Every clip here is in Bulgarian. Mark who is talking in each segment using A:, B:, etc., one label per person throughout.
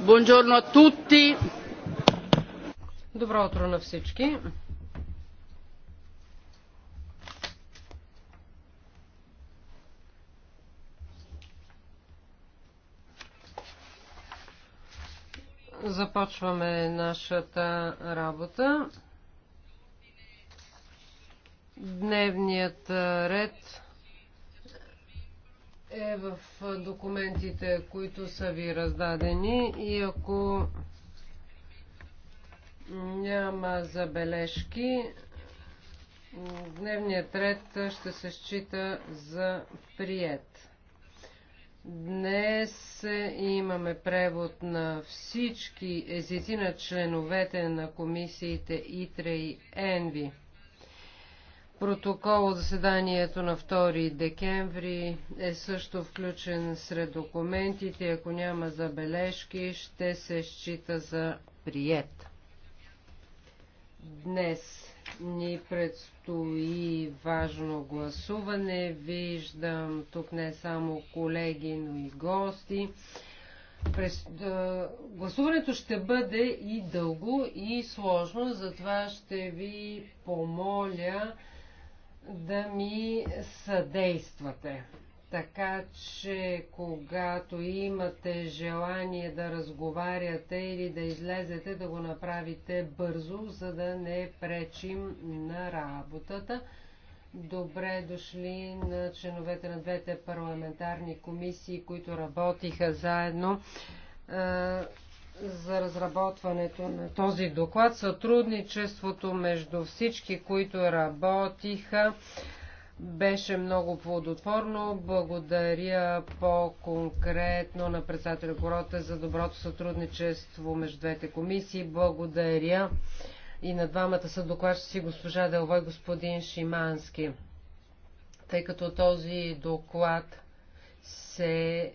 A: Добро утро на всички.
B: Започваме нашата работа. Дневният ред е в документите, които са ви раздадени и ако няма забележки, дневният ред ще се счита за прият. Днес имаме превод на всички езици на членовете на комисиите ИТРА и ЕНВИ. Протокол от заседанието на 2 декември е също включен сред документите. Ако няма забележки, ще се счита за прият. Днес ни предстои важно гласуване. Виждам тук не само колеги, но и гости. През, да, гласуването ще бъде и дълго, и сложно, затова ще ви помоля да ми съдействате. Така че, когато имате желание да разговаряте или да излезете, да го направите бързо, за да не пречим на работата. Добре дошли на членовете на двете парламентарни комисии, които работиха заедно за разработването на този доклад, сътрудничеството между всички, които работиха, беше много плодотворно. Благодаря по-конкретно на председателя Корота за доброто сътрудничество между двете комисии. Благодаря и на двамата са докладчици госпожа и господин Шимански. Тъй като този доклад се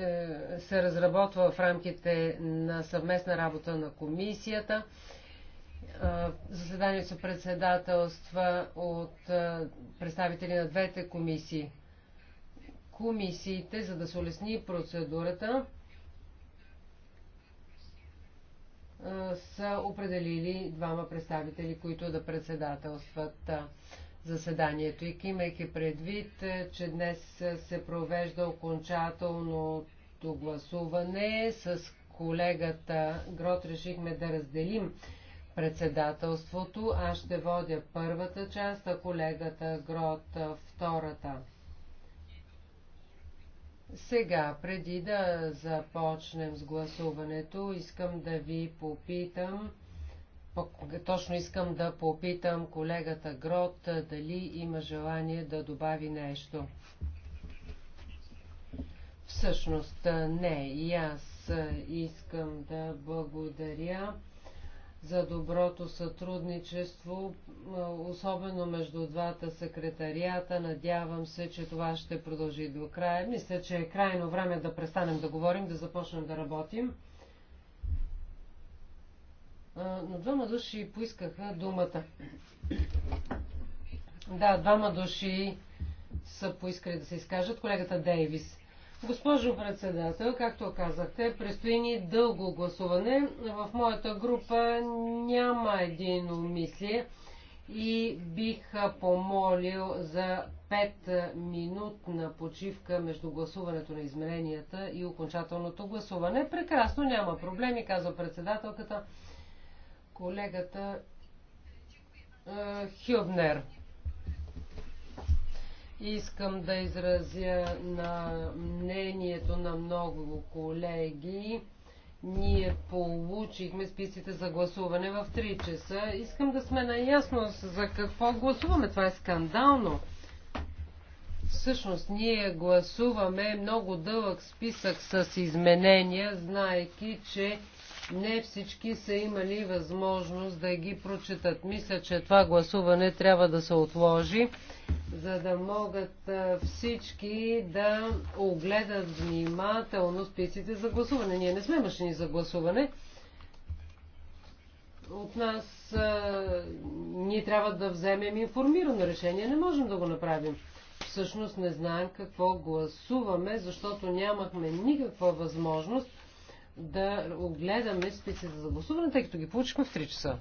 B: е, се разработва в рамките на съвместна работа на комисията. Е, заседанието се председателства от е, представители на двете комисии. Комисиите, за да се улесни процедурата, са определили двама представители, които да председателстват заседанието и имайки предвид, е, че днес се провежда окончателното гласуване с колегата Грот решихме да разделим председателството. Аз ще водя първата част, а колегата Грот е, втората. Сега, преди да започнем с гласуването, искам да ви попитам точно искам да попитам колегата Грот дали има желание да добави нещо. Всъщност не. И аз искам да благодаря за доброто сътрудничество, особено между двата секретарията. Надявам се, че това ще продължи до края. Мисля, че е крайно време да престанем да говорим, да започнем да работим но двама души поискаха думата. Да, двама души са поискали да се изкажат. Колегата Дейвис. Госпожо председател, както казахте, предстои ни дълго гласуване. В моята група няма един умисли и бих помолил за 5 минутна почивка между гласуването на измененията и окончателното гласуване. Прекрасно, няма проблеми, казва председателката колегата Хюбнер. Искам да изразя на мнението на много колеги. Ние получихме списите за гласуване в 3 часа. Искам да сме наясно за какво гласуваме. Това е скандално. Всъщност ние гласуваме много дълъг списък с изменения, знаеки, че не всички са имали възможност да ги прочитат. Мисля, че това гласуване трябва да се отложи, за да могат всички да огледат внимателно списите за гласуване. Ние не сме машини за гласуване. От нас а, ние трябва да вземем информирано решение. Не можем да го направим. Всъщност не знаем какво гласуваме, защото нямахме никаква възможност да огледаме списъците за гласуване, тъй като ги получихме в 3 часа.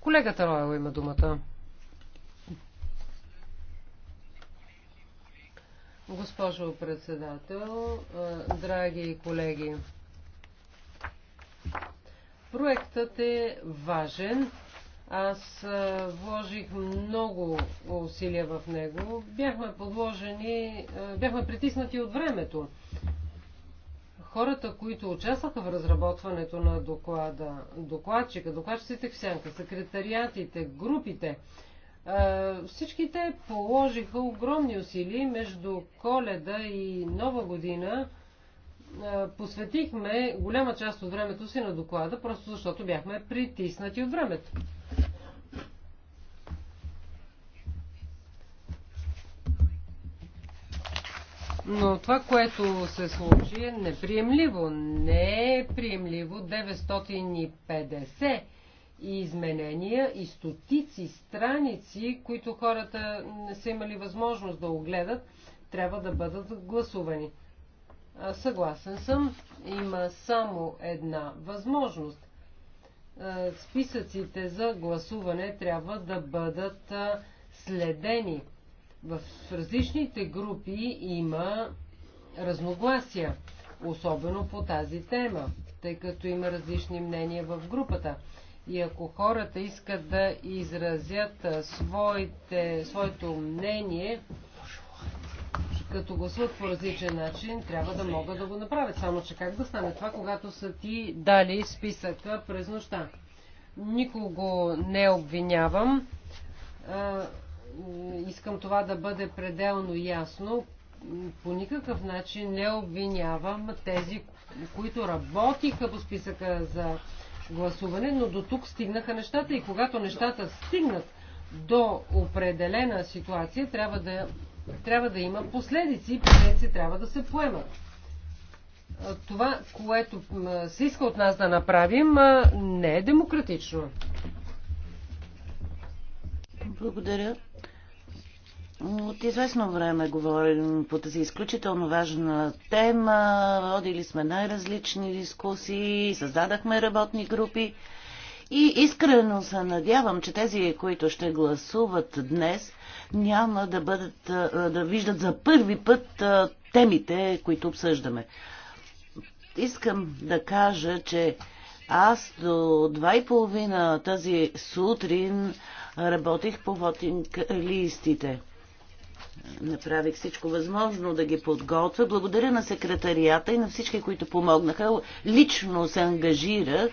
B: Колегата Роева има думата. Госпожо председател, драги колеги, проектът е важен. Аз вложих много усилия в него. Бяхме подложени, бяхме притиснати от времето хората, които участваха в разработването на доклада, докладчика, докладчиците в сянка, секретариатите, групите, е, всички те положиха огромни усилия между коледа и нова година. Е, посветихме голяма част от времето си на доклада, просто защото бяхме притиснати от времето. Но това, което се случи е неприемливо. Не е приемливо 950 изменения и стотици страници, които хората не са имали възможност да огледат, трябва да бъдат гласувани. Съгласен съм, има само една възможност. Списъците за гласуване трябва да бъдат следени. В различните групи има разногласия, особено по тази тема, тъй като има различни мнения в групата. И ако хората искат да изразят своите, своето мнение, като гласуват по различен начин, трябва да могат да го направят. Само, че как да стане това, когато са ти дали списъка през нощта? Никого не обвинявам искам това да бъде пределно ясно. По никакъв начин не обвинявам тези, които работиха по списъка за гласуване, но до тук стигнаха нещата и когато нещата стигнат до определена ситуация, трябва да, трябва да има последици и последици трябва да се поемат. Това, което се иска от нас да направим, не е демократично.
C: Благодаря. От известно време говорим по тази изключително важна тема. Водили сме най-различни дискусии, създадахме работни групи и искрено се надявам, че тези, които ще гласуват днес, няма да, бъдат, да виждат за първи път темите, които обсъждаме. Искам да кажа, че аз до два и половина тази сутрин работих по вотинг листите направих всичко възможно да ги подготвя. Благодаря на секретарията и на всички, които помогнаха. Лично се ангажирах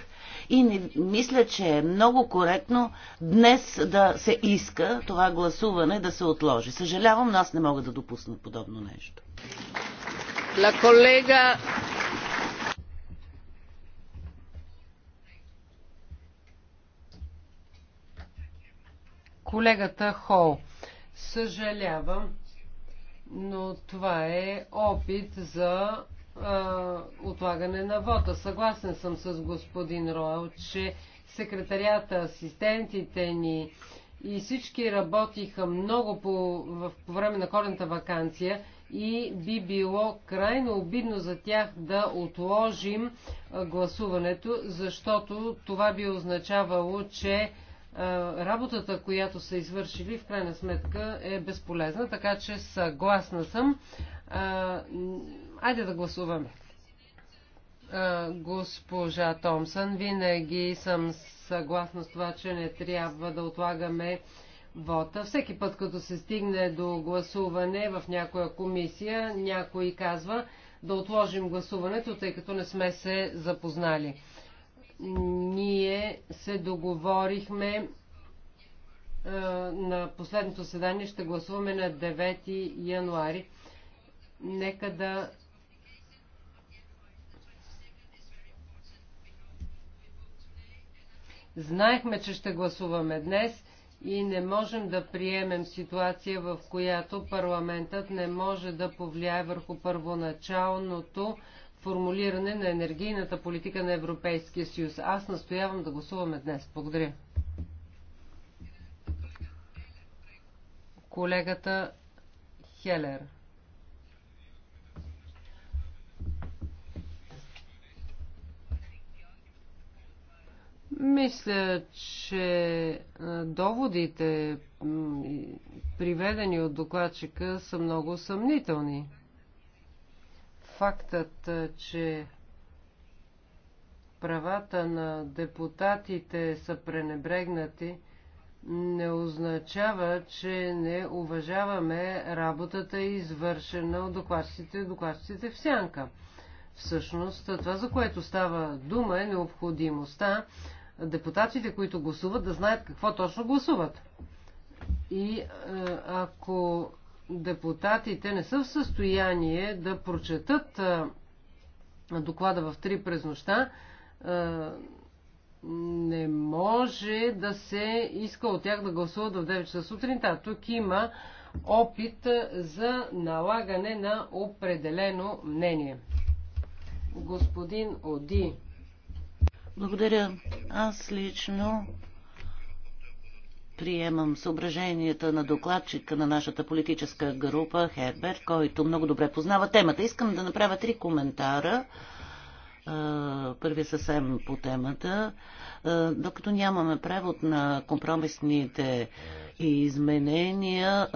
C: и не, мисля, че е много коректно днес да се иска това гласуване да се отложи. Съжалявам, но аз не мога да допусна подобно нещо.
A: La колега
B: Колегата Хол. Съжалявам, но това е опит за а, отлагане на вода. Съгласен съм с господин Роел, че секретарията, асистентите ни и всички работиха много по, в, по време на корената вакансия и би било крайно обидно за тях да отложим гласуването, защото това би означавало, че е, работата, която са извършили, в крайна сметка е безполезна, така че съгласна съм. Е, айде да гласуваме. Е, госпожа Томсън, винаги съм съгласна с това, че не трябва да отлагаме вота. Всеки път, като се стигне до гласуване в някоя комисия, някой казва да отложим гласуването, тъй като не сме се запознали. Ние се договорихме е, на последното седание, ще гласуваме на 9 януари. Нека да Знаехме, че ще гласуваме днес и не можем да приемем ситуация, в която парламентът не може да повлияе върху първоначалното формулиране на енергийната политика на Европейския съюз. Аз настоявам да гласуваме днес. Благодаря. Колегата Хелер. Мисля, че доводите, приведени от докладчика, са много съмнителни фактът, че правата на депутатите са пренебрегнати, не означава, че не уважаваме работата, извършена от докладчиците и докладчиците в сянка. Всъщност, това, за което става дума, е необходимостта депутатите, които гласуват, да знаят какво точно гласуват. И ако депутатите не са в състояние да прочетат доклада в 3 през нощта, не може да се иска от тях да гласуват в 9 часа сутринта. Тук има опит за налагане на определено мнение. Господин Оди.
C: Благодаря. Аз лично приемам съображенията на докладчика на нашата политическа група Хербер, който много добре познава темата. Искам да направя три коментара. Първи е съвсем по темата. Докато нямаме превод на компромисните изменения,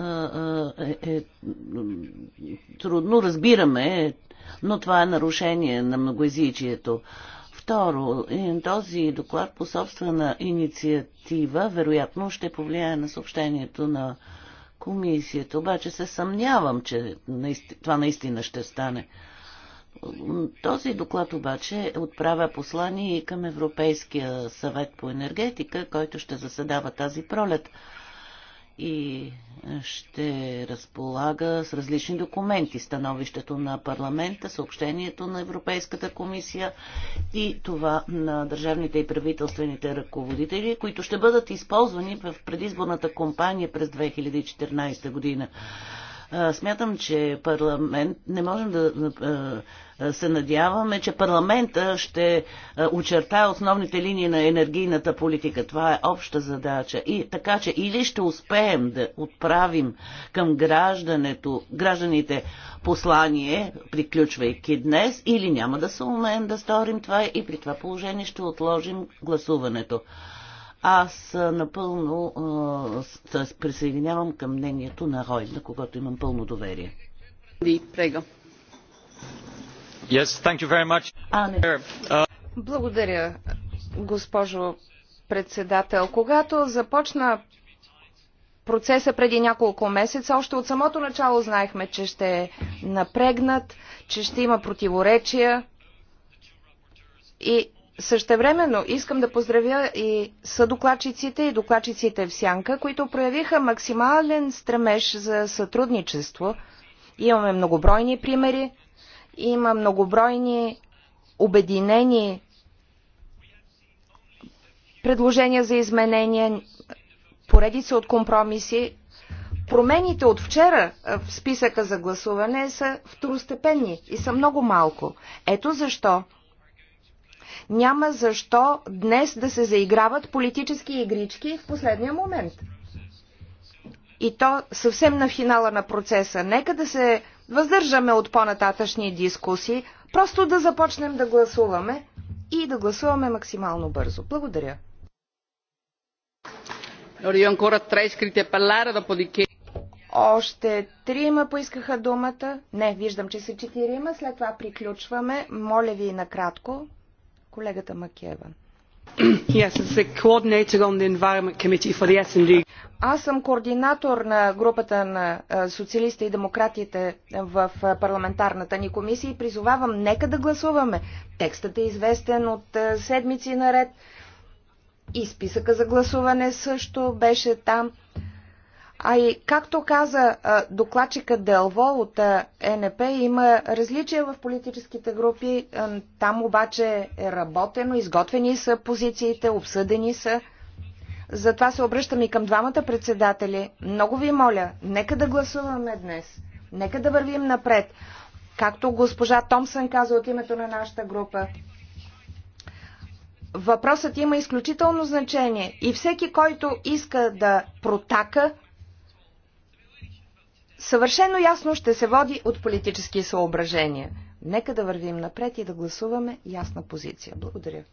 C: е, е трудно разбираме, но това е нарушение на многоязичието. Второ, този доклад по собствена инициатива вероятно ще повлияе на съобщението на комисията. Обаче се съмнявам, че това наистина ще стане. Този доклад обаче отправя послание и към Европейския съвет по енергетика, който ще заседава тази пролет и е, ще разполага с различни документи. Становището на парламента, съобщението на Европейската комисия и това на държавните и правителствените ръководители, които ще бъдат използвани в предизборната кампания през 2014 година. Смятам, че парламент... Не можем да се надяваме, че парламента ще очертае основните линии на енергийната политика. Това е обща задача. И така, че или ще успеем да отправим към граждането, гражданите послание, приключвайки днес, или няма да се умеем да сторим това и при това положение ще отложим гласуването. Аз напълно а, се присъединявам към мнението на Рой, на когато имам пълно доверие. Ви,
A: прега.
D: Yes, thank you very much.
A: А, не. Uh,
D: Благодаря, госпожо председател. Когато започна процеса преди няколко месеца, още от самото начало знаехме, че ще е напрегнат, че ще има противоречия и Същевременно искам да поздравя и съдокладчиците и докладчиците в Сянка, които проявиха максимален стремеж за сътрудничество. Имаме многобройни примери, има многобройни обединени предложения за изменения, поредица от компромиси. Промените от вчера в списъка за гласуване са второстепенни и са много малко. Ето защо няма защо днес да се заиграват политически игрички в последния момент. И то съвсем на финала на процеса. Нека да се въздържаме от по-нататъчни дискусии, просто да започнем да гласуваме и да гласуваме максимално бързо. Благодаря. Още трима поискаха думата. Не, виждам, че са четирима. След това приключваме. Моля ви накратко. Колегата
A: Макеван.
D: Аз съм координатор на групата на социалистите и демократите в парламентарната ни комисия и призовавам нека да гласуваме. Текстът е известен от седмици наред и списъка за гласуване също беше там. А и, както каза докладчика Дълво от НП, има различия в политическите групи. Там обаче е работено, изготвени са позициите, обсъдени са. Затова се обръщам и към двамата председатели. Много ви моля, нека да гласуваме днес. Нека да вървим напред. Както госпожа Томсън каза от името на нашата група, въпросът има изключително значение и всеки, който иска да протака, съвършено ясно ще се води от политически съображения. Нека да вървим напред и да гласуваме ясна позиция. Благодаря.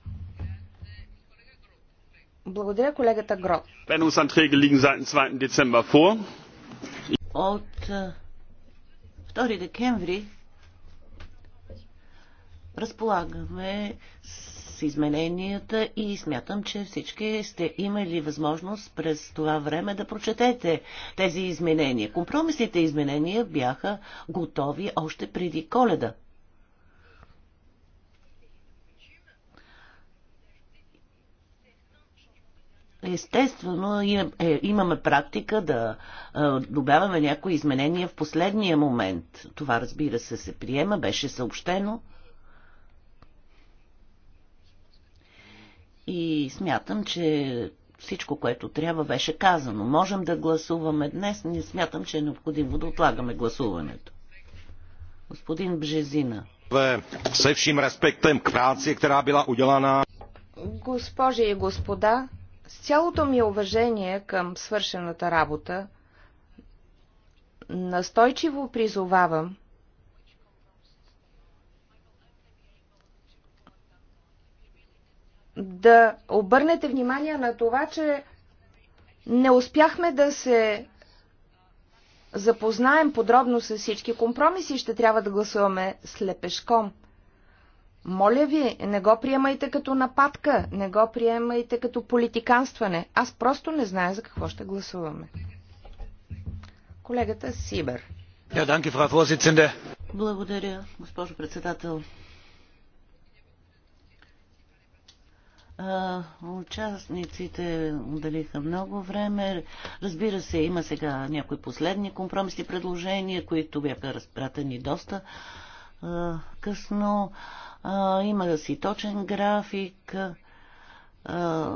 E: Благодаря колегата Грот. От
C: 2 е, декември разполагаме с с измененията и смятам, че всички сте имали възможност през това време да прочетете тези изменения. Компромисните изменения бяха готови още преди коледа. Естествено, е, имаме практика да е, добавяме някои изменения в последния момент. Това, разбира се, се приема, беше съобщено. И смятам, че всичко, което трябва, беше казано. Можем да гласуваме днес, не смятам, че е необходимо да отлагаме гласуването. Господин Бжезина. Се всем к праце, která била уделана.
D: Госпожи и господа, с цялото ми уважение към свършената работа, настойчиво призовавам да обърнете внимание на това, че не успяхме да се запознаем подробно с всички компромиси и ще трябва да гласуваме слепешком. Моля ви, не го приемайте като нападка, не го приемайте като политиканстване. Аз просто не зная за какво ще
C: гласуваме. Колегата Сибер. Благодаря, госпожо председател. А, участниците отделиха много време. Разбира се, има сега някои последни компромисни предложения, които бяха разпратени доста а, късно. А, има си точен график. А,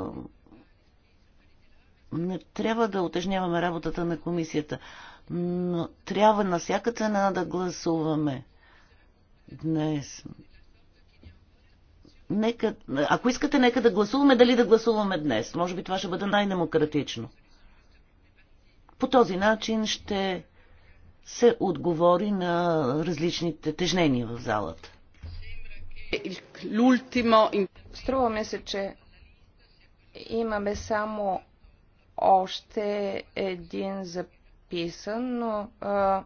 C: не трябва да отежняваме работата на комисията, но трябва на всяка цена да гласуваме днес нека, ако искате, нека да гласуваме, дали да гласуваме днес. Може би това ще бъде най-демократично. По този начин ще се отговори на различните тежнения в залата.
D: Струва ми се, че имаме само още един записан, но а,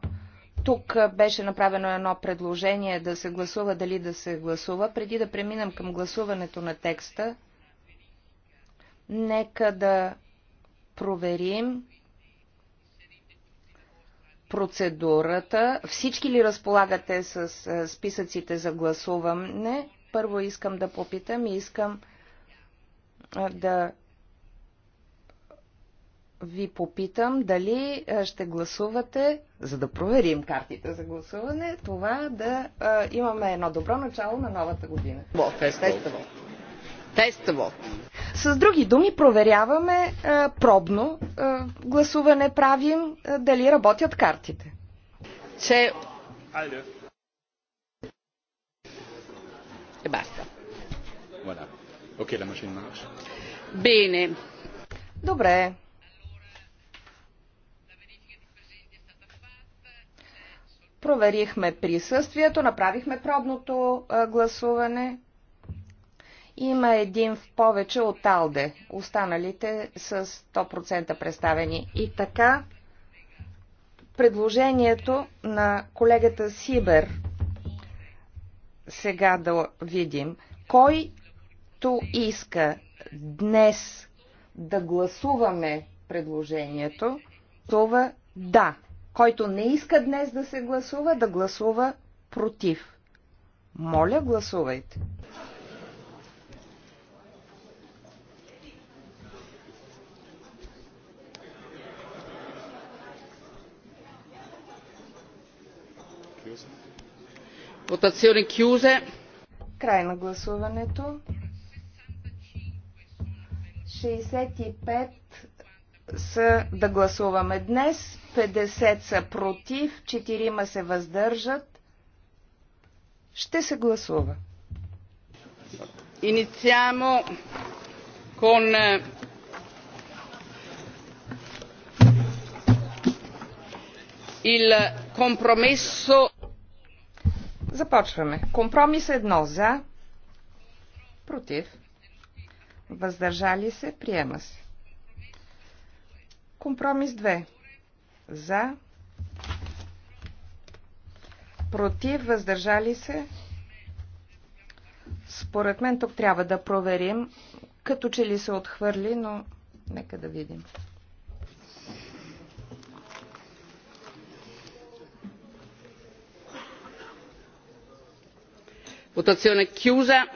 D: тук беше направено едно предложение да се гласува, дали да се гласува. Преди да преминем към гласуването на текста, нека да проверим процедурата. Всички ли разполагате с списъците за гласуване? Първо искам да попитам и искам да ви попитам дали ще гласувате, за да проверим картите за гласуване, това да а, имаме едно добро начало на новата година.
A: Тестово. Тестово.
D: С други думи, проверяваме а, пробно, а, гласуване правим, а, дали работят картите. Че...
E: Айде. E баста. Окей, Ok,
A: la Добре.
D: проверихме присъствието, направихме пробното гласуване. Има един в повече от Алде, останалите с 100% представени. И така, предложението на колегата Сибер сега да видим. Който иска днес да гласуваме предложението, това да. Който не иска днес да се гласува, да гласува против. Моля, гласувайте.
A: Votazione chiuse. Край на гласуването.
D: 65
A: са да
D: гласуваме днес, 50 са против, 4 се въздържат.
A: Ще се гласува. Iniziamo con е, il compromesso.
D: Започваме. Компромис едно за, против, въздържали се, приема се. Компромис 2. За. Против, въздържали се. Според мен тук трябва да проверим, като че ли се отхвърли, но нека да видим.
A: Votazione chiusa.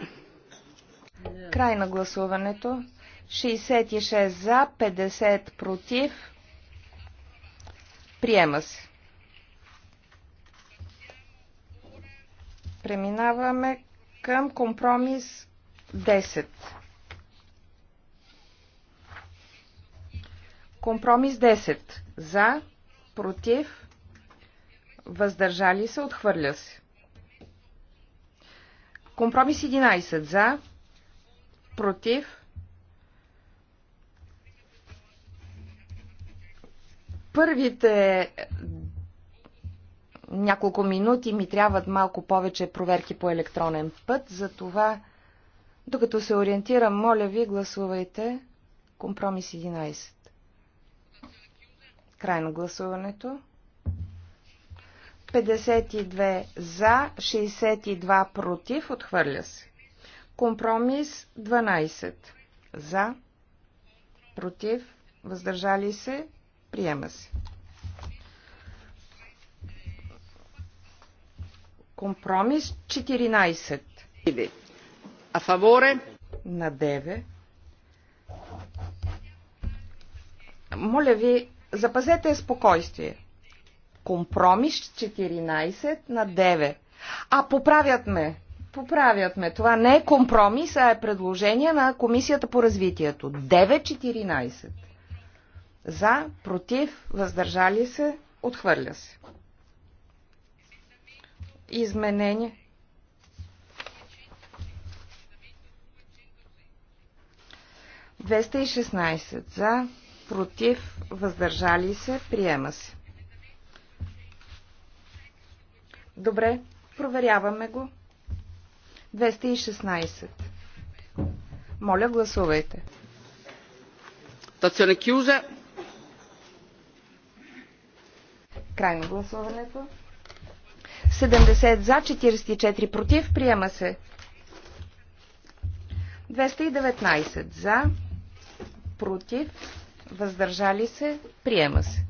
D: Край на гласуването. 66 за, 50 против. Приема се. Преминаваме към компромис 10. Компромис 10. За, против, въздържали се, отхвърля се. Компромис 11. За, против, първите е, няколко минути ми трябват малко повече проверки по електронен път, затова докато се ориентирам, моля ви, гласувайте компромис 11. Край на гласуването. 52 за, 62 против, отхвърля се. Компромис 12 за, против, въздържали се, Приема се. Компромис 14. А фаворе? На 9. Моля ви, запазете спокойствие. Компромис 14 на 9. А, поправят ме. Поправят ме. Това не е компромис, а е предложение на Комисията по развитието. 9.14. За, против, въздържали се, отхвърля се. Изменение. Двеста За, против, въздържали се, приема се. Добре, проверяваме го. 216. Моля, гласувайте. Тационе Кюза. Крайно гласуването. 70 за, 44 против. Приема се. 219 за, против, въздържали се, приема се.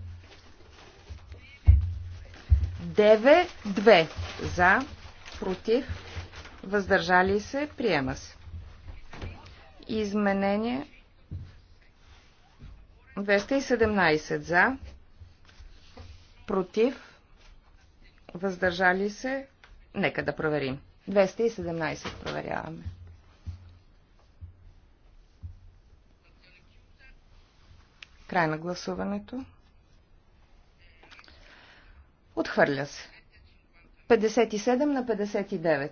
D: 9-2 за, против, въздържали се, приема се. Изменение 217 за, против, въздържали се, нека да проверим. 217 проверяваме. Край на гласуването. Отхвърля се. 57 на 59.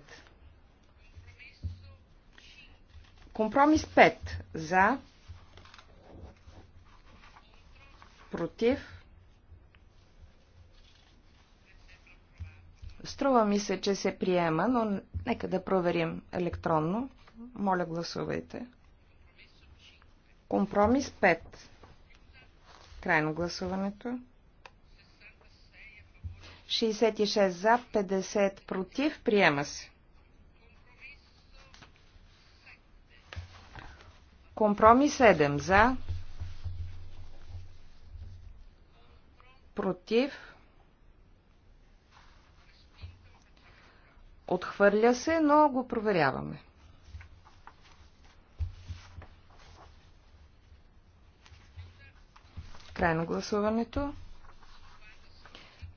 D: Компромис 5. За. Против. Струва ми се, че се приема, но нека да проверим електронно. Моля, гласувайте. Компромис 5. Край на гласуването. 66 за, 50 против. Приема се. Компромис 7 за, против Отхвърля се, но го проверяваме. Край на гласуването.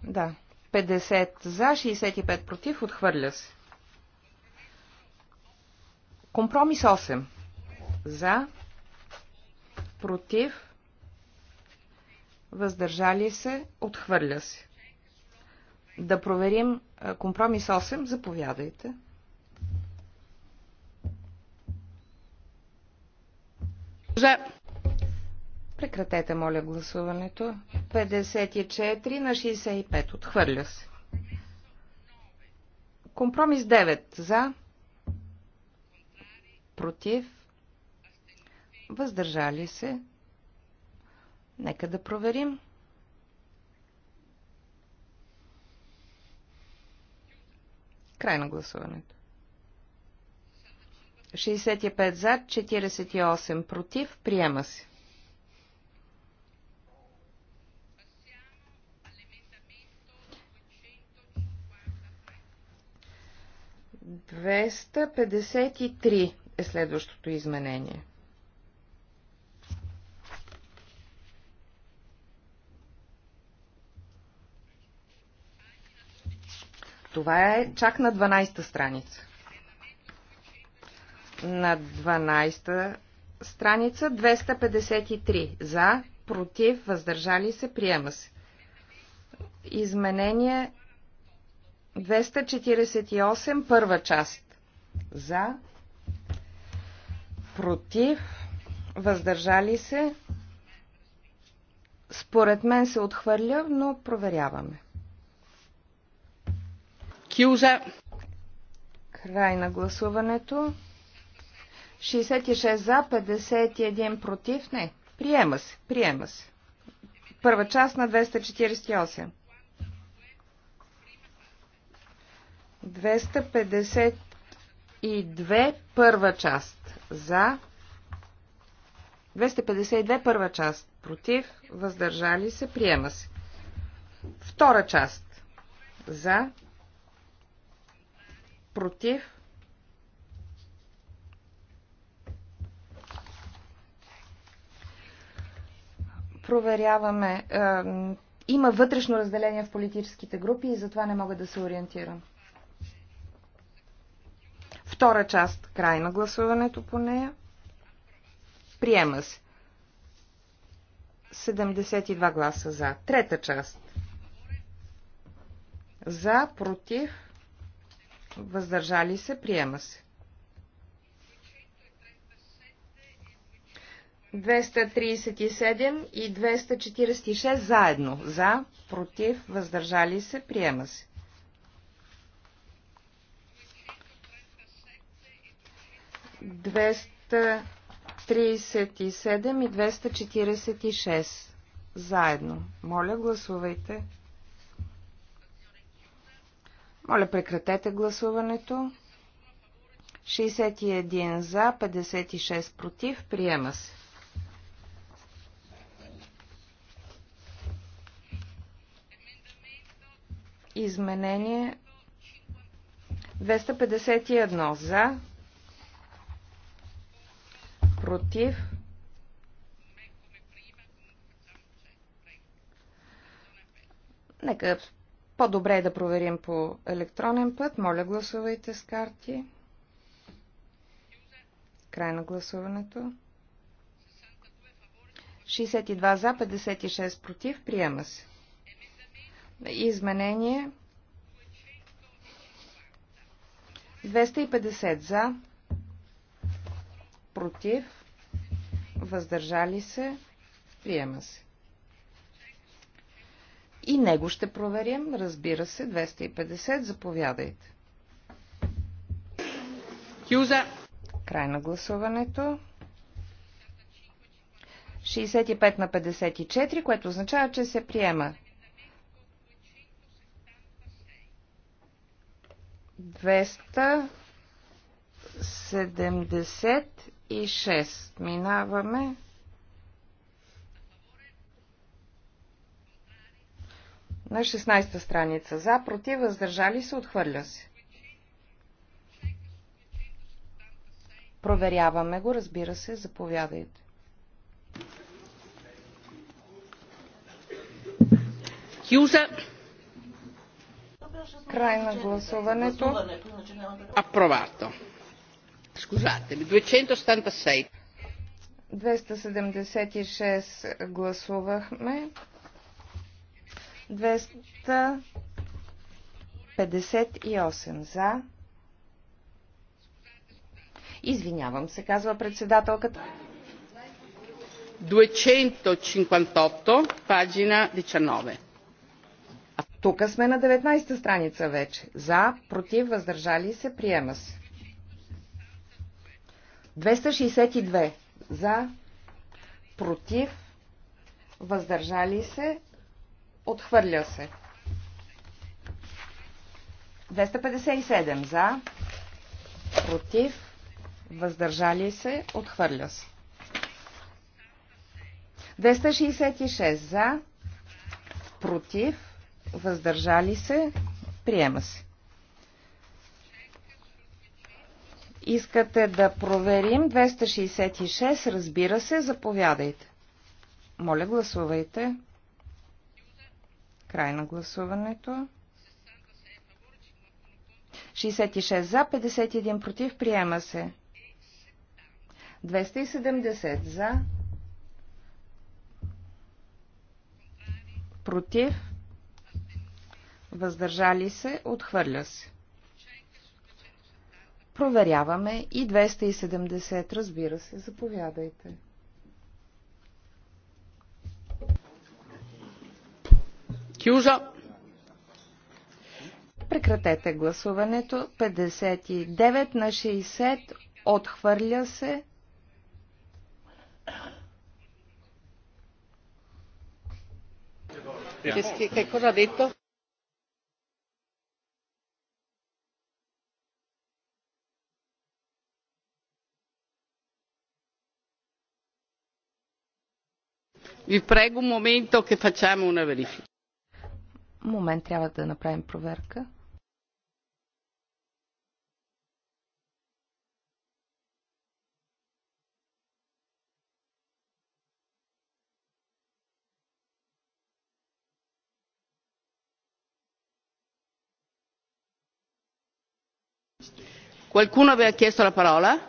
D: Да. 50 за, 65 против, отхвърля се. Компромис 8. За, против, въздържали се, отхвърля се. Да проверим Компромис 8, заповядайте. Прекратете, моля, гласуването. 54 на 65. Отхвърля се. Компромис 9. За. Против. Въздържали се. Нека да проверим. Край на гласуването. 65 за, 48 против. Приема се. Двеста пятьдесят и три е следващото изменение. Това е чак на 12-та страница. На 12-та страница 253. За, против, въздържали се, приема се. Изменение 248, първа част. За, против, въздържали се. Според мен се отхвърля, но проверяваме. Кюза. Край на гласуването. 66 за, 51 против. Не, приема се, приема се. Първа част на 248. 252 първа част за. 252 първа част против. Въздържали се, приема се. Втора част за против, проверяваме. Е, има вътрешно разделение в политическите групи и затова не мога да се ориентирам. Втора част, край на гласуването по нея. Приема се. 72 гласа за. Трета част. За, против, въздържали се, приема се. 237 и 246 заедно. За, против, въздържали се, приема се. 237 и 246 заедно. Моля, гласувайте. Моля, прекратете гласуването. 61 за, 56 против. Приема се. Изменение 251 за, против. Нека по-добре е да проверим по електронен път. Моля, гласувайте с карти. Край на гласуването. 62 за, 56 против. Приема се. Изменение 250 за, против, въздържали се, приема се. И него ще проверим, разбира се, 250, заповядайте. Хюза. Край на гласуването. 65 на 54, което означава, че се приема. 276. Минаваме На 16-та страница. За, против, въздържали се, отхвърля се. Проверяваме го, разбира се, заповядайте. Край на гласуването.
C: Апровато.
A: Скузатели, 276.
D: 276 гласувахме. 258
A: за. Извинявам се, казва председателката. 258, пагина 19.
D: Тук сме на 19-та страница вече. За, против, въздържали се, приема се. 262. За, против, въздържали се, Отхвърля се. 257 за, против, въздържали се, отхвърля се. 266 за, против, въздържали се, приема се. Искате да проверим 266, разбира се, заповядайте. Моля, гласувайте. Край на гласуването. 66 за, 51 против. Приема се. 270 за. Против. Въздържали се. Отхвърля се. Проверяваме и 270. Разбира се. Заповядайте.
A: Chiusa. Прекратете
D: гласуването. 59 на 60. Отхвърля се.
A: vi prego un momento che facciamo una verifica.
D: Момент, трябва да направим проверка.
A: Qualcuno aveva chiesto la parola?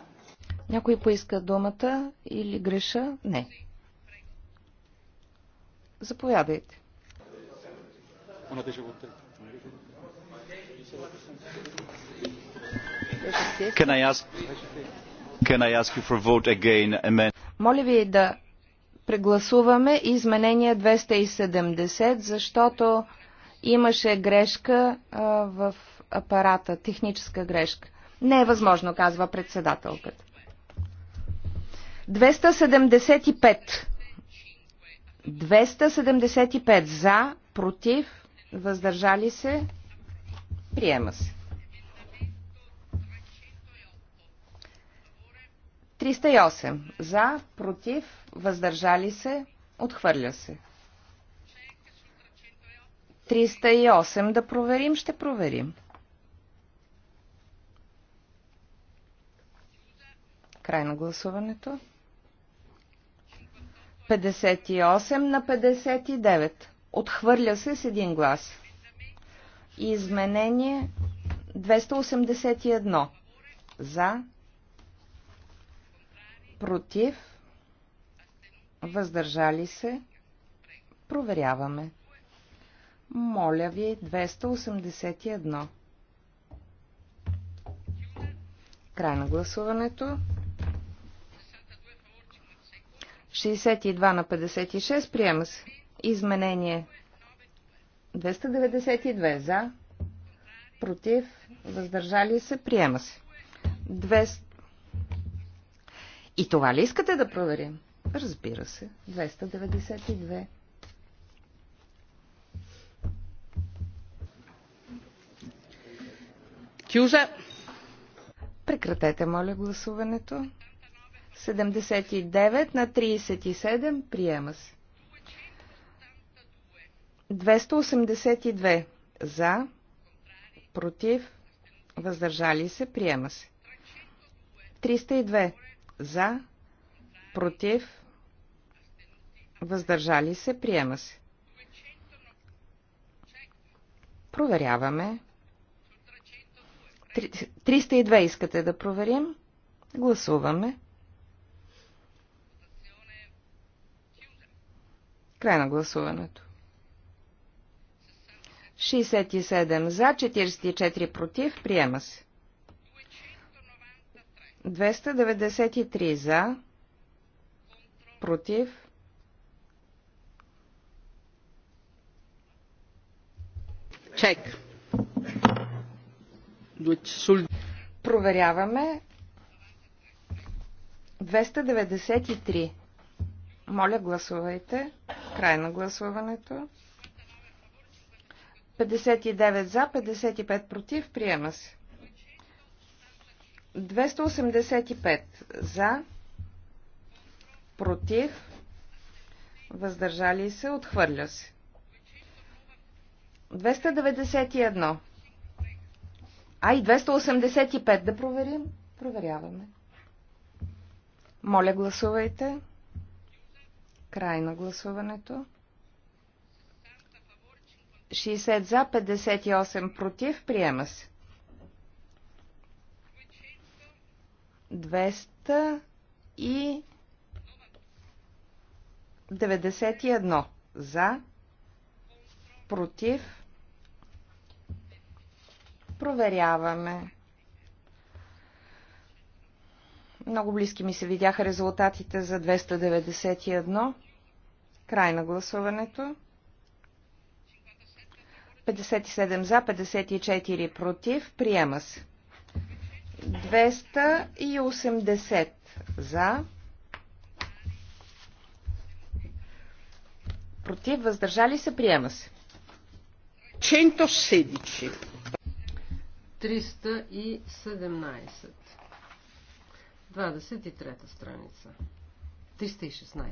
A: Някой поиска
D: думата или греша?
A: Не. Заповядайте.
E: On a déjà voté. Can I ask,
A: can I ask you for vote again, amen?
D: Моля ви да прегласуваме изменение 270, защото имаше грешка в апарата, техническа грешка. Не е възможно, казва председателката. 275. 275 за, против, въздържали се, приема се. 308. За, против, въздържали се, отхвърля се. 308 да проверим, ще проверим. Край на гласуването. 58 на 59. Отхвърля се с един глас. Изменение 281. За. Против. Въздържали се. Проверяваме. Моля ви, 281. Край на гласуването. 62 на 56. Приема се. Изменение 292 за, против, въздържали се, приема се. 200... И това ли искате да проверим? Разбира се. 292. Кюжа. Прекратете, моля, гласуването. 79 на 37 приема се. 282 за, против, въздържали се, приема се. 302 за, против, въздържали се, приема се. Проверяваме. 302 искате да проверим. Гласуваме. Край на гласуването. 67 за, 44 против. Приема се. 293 за, против. Чек. Проверяваме. 293. Моля, гласувайте. Край на гласуването. 59 за, 55 против. Приема се. 285 за, против, въздържали се, отхвърля се. 291. А и 285 да проверим. Проверяваме. Моля, гласувайте. Край на гласуването. 60 за, 58 против. Приема се. 200 и 91 за, против. Проверяваме. Много близки ми се видяха резултатите за 291. Край на гласуването. 57 за, 54 против. Приема се. 280 за. Против. Въздържали
A: се. Приема се. 116.
B: 317. 23-та страница. 316.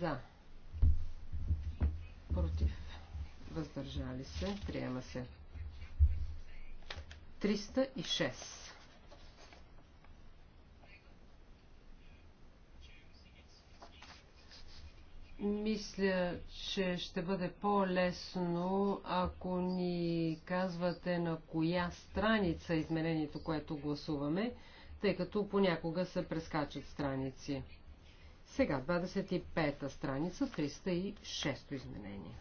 B: За против, въздържали се, приема се. 306. Мисля, че ще бъде по-лесно, ако ни казвате на коя страница е изменението, което гласуваме, тъй като понякога се прескачат страници. Сега 25-та страница, 306-то изменение.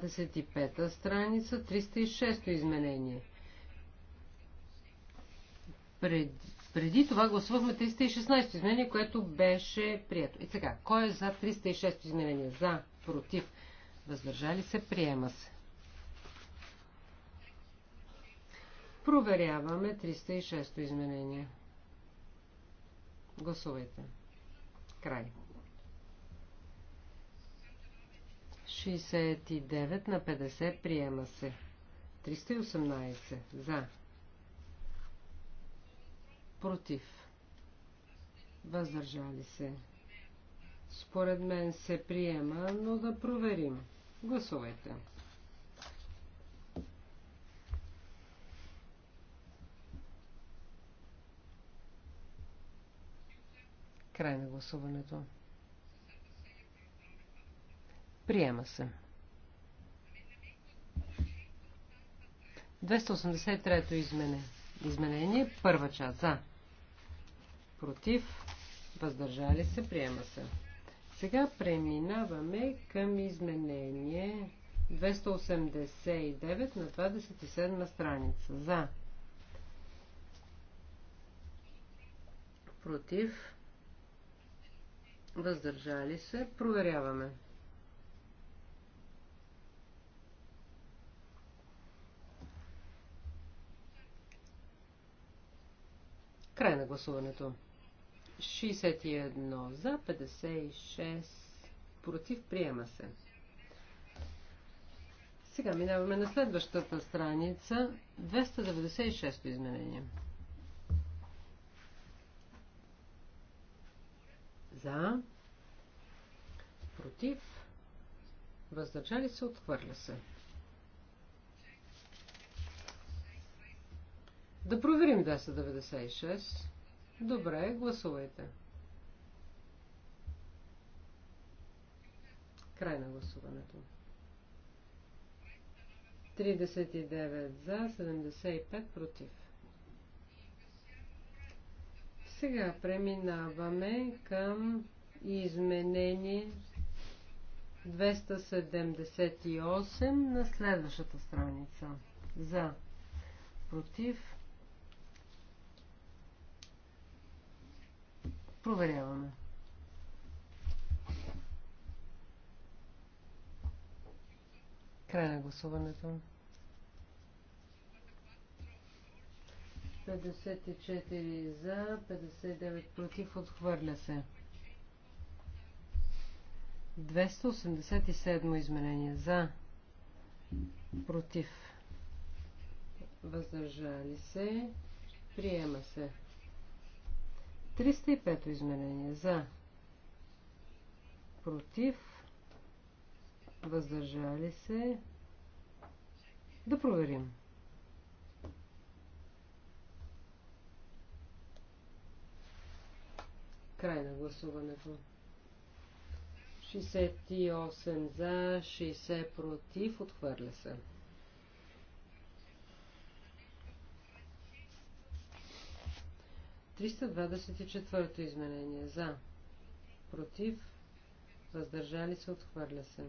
B: 25-та страница, 306-то изменение. Пред, преди това гласувахме 316-то изменение, което беше прието. И така, кой е за 306-то изменение? За, против, въздържали се, приема се. Проверяваме 306-то изменение. Гласувайте. Край. 69 на 50 приема се. 318 за. Против. Въздържали се. Според мен се приема, но да проверим. Гласувайте. Край на гласуването. Приема се. 283-то изменение. Първа част. За. Против. Въздържали се. Приема се. Сега преминаваме към изменение 289 на 27 страница. За. Против. Въздържали се. Проверяваме. Край на гласуването. 61 за, 56 против, приема се. Сега минаваме на следващата страница, 296 изменение. За, против, въздържали се, отхвърля се. Да проверим 296. Добре, гласувайте. Край на гласуването. 39 за, 75 против. Сега преминаваме към изменение 278 на следващата страница. За, против, Проверяваме. Край на гласуването. 54 за, 59 против, отхвърля се. 287 изменение за, против, въздържали се, приема се. 305 изменение за против въздържали се да проверим. Край на гласуването. 68 за, 60 против, отхвърля се. 324 изменение. За. Против. Въздържали се. Отхвърля се.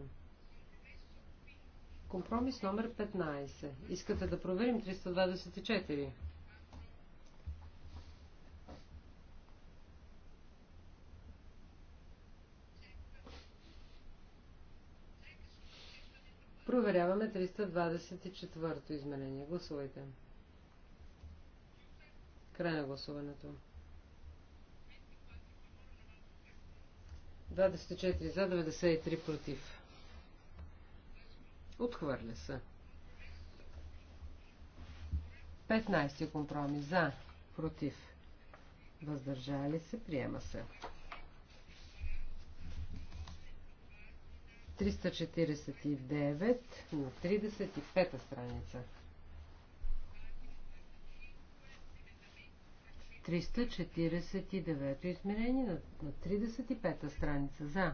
B: Компромис номер 15. Искате да проверим 324. Проверяваме 324 то изменение. Гласувайте. Край на гласуването. 24 за, 93 против. Отхвърля се. 15 компромис за, против. Въздържали се, приема се. 349 на 35 страница. 349 измерение на, на 35-та страница за.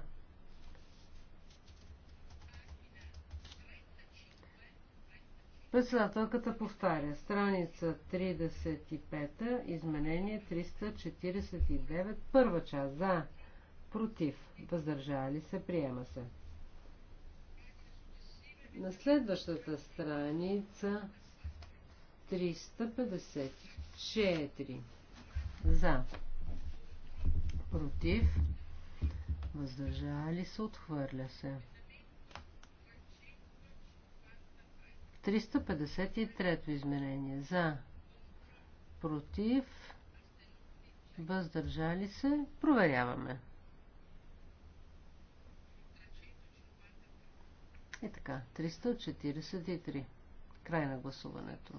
B: Председателката повтаря. Страница 35, изменение 349, първа част. За, против, въздържали се, приема се. На следващата страница 354 за, против, въздържали се, отхвърля се. 353 изменение за, против, въздържали се, проверяваме. И така, 343. Край на гласуването.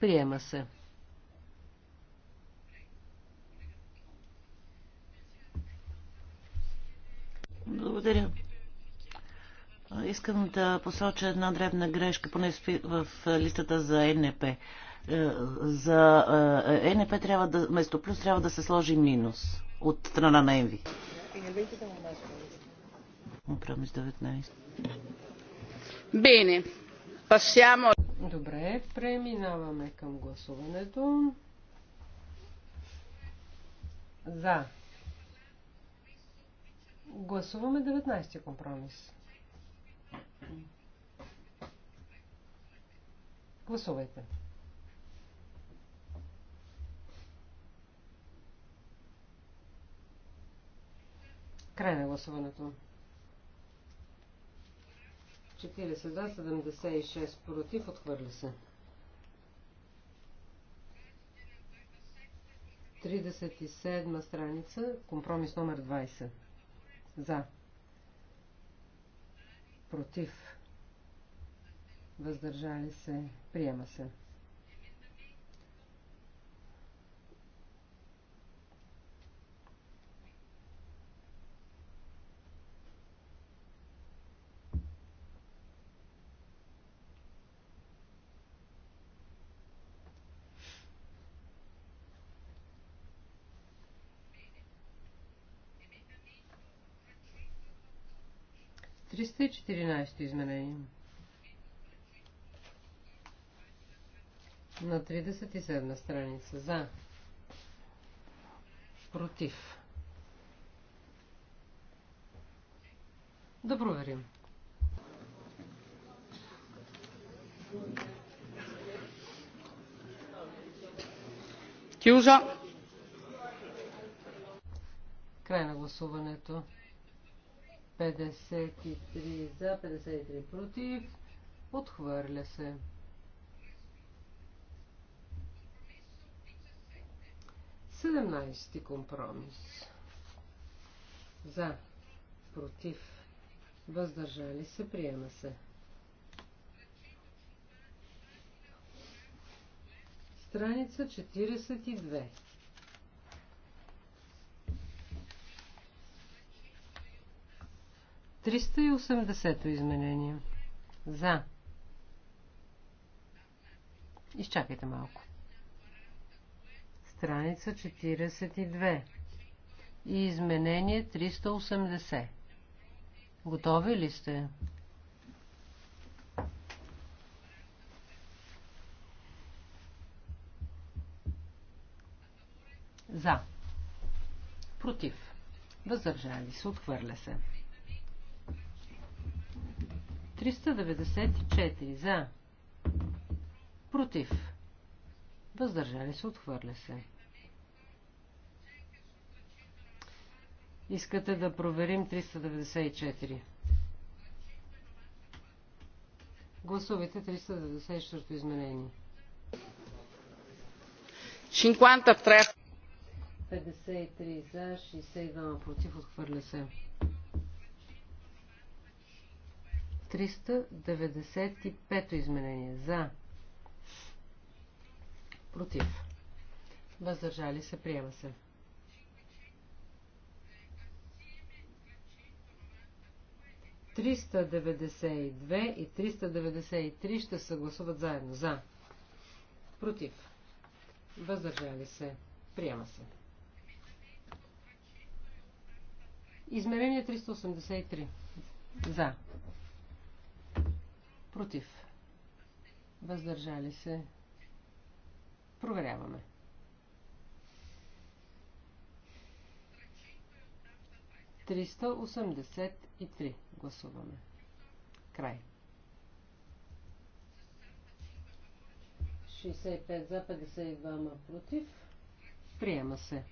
B: Приема се.
C: Благодаря. Искам да посоча една древна грешка, поне в листата за НП. За НП трябва да, вместо плюс трябва да се сложи минус от страна на ЕНВИ. Компромис 19. Бене.
A: Пасямо.
B: Добре, преминаваме към гласуването. За Гласуваме 19-ти компромис. Гласувайте. Край на гласуването. 40 за, да, 76 против, отхвърля се. 37 страница, компромис номер 20. За. Против. Въздържали се. Приема се. 214 измерение. На 37 страница. За. Против. Да проверим. Кюжа. Край на гласуването. 53 за, 53 против. Отхвърля се. Седемнайсти компромис. За, против, въздържали се, приема се. Страница 42. 380-то изменение. За. Изчакайте малко. Страница 42. И изменение 380. Готови ли сте? За. Против. Въздържали се. Отхвърля се. 394 за. Против. Въздържали се, отхвърля се. Искате да проверим 394. Гласувайте 394 изменение.
A: 53
B: за, 62 против, отхвърля се. 395 изменение. За. Против. Въздържали се. Приема се. Триста и 393 ще се гласуват заедно. За. Против. Въздържали се. Приема се. Измерение 383. За. Против. Въздържали се. Проверяваме. Триста Гласуваме. Край. 65 за 52 против. Приема се.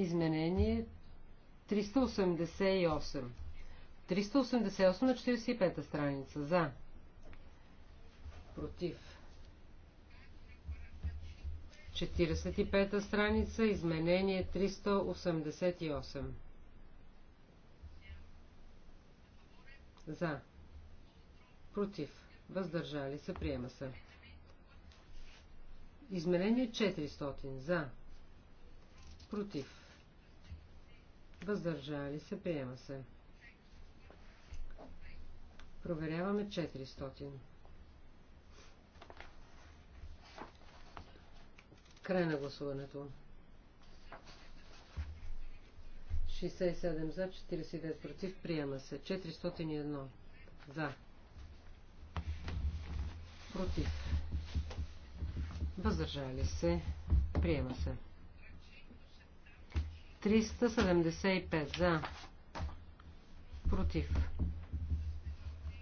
B: Изменение 388. 388 на 45-та страница. За. Против. 45-та страница. Изменение 388. За. Против. Въздържали се. Приема се. Изменение 400. За. Против. Въздържали се. Приема се. Проверяваме 400. Край на гласуването. 67 за, 49 против. Приема се. 401 за. Против. Въздържали се. Приема се. 375 за. Против.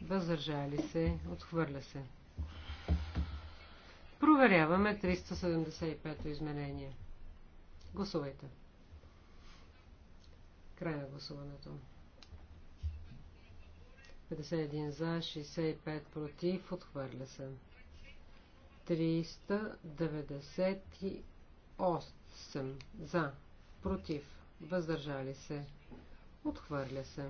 B: Въздържали се. Отхвърля се. Проверяваме 375 изменение. Гласувайте. Край на гласуването. 51 за, 65 против, отхвърля се. 398 за, против, въздържали се, отхвърля се.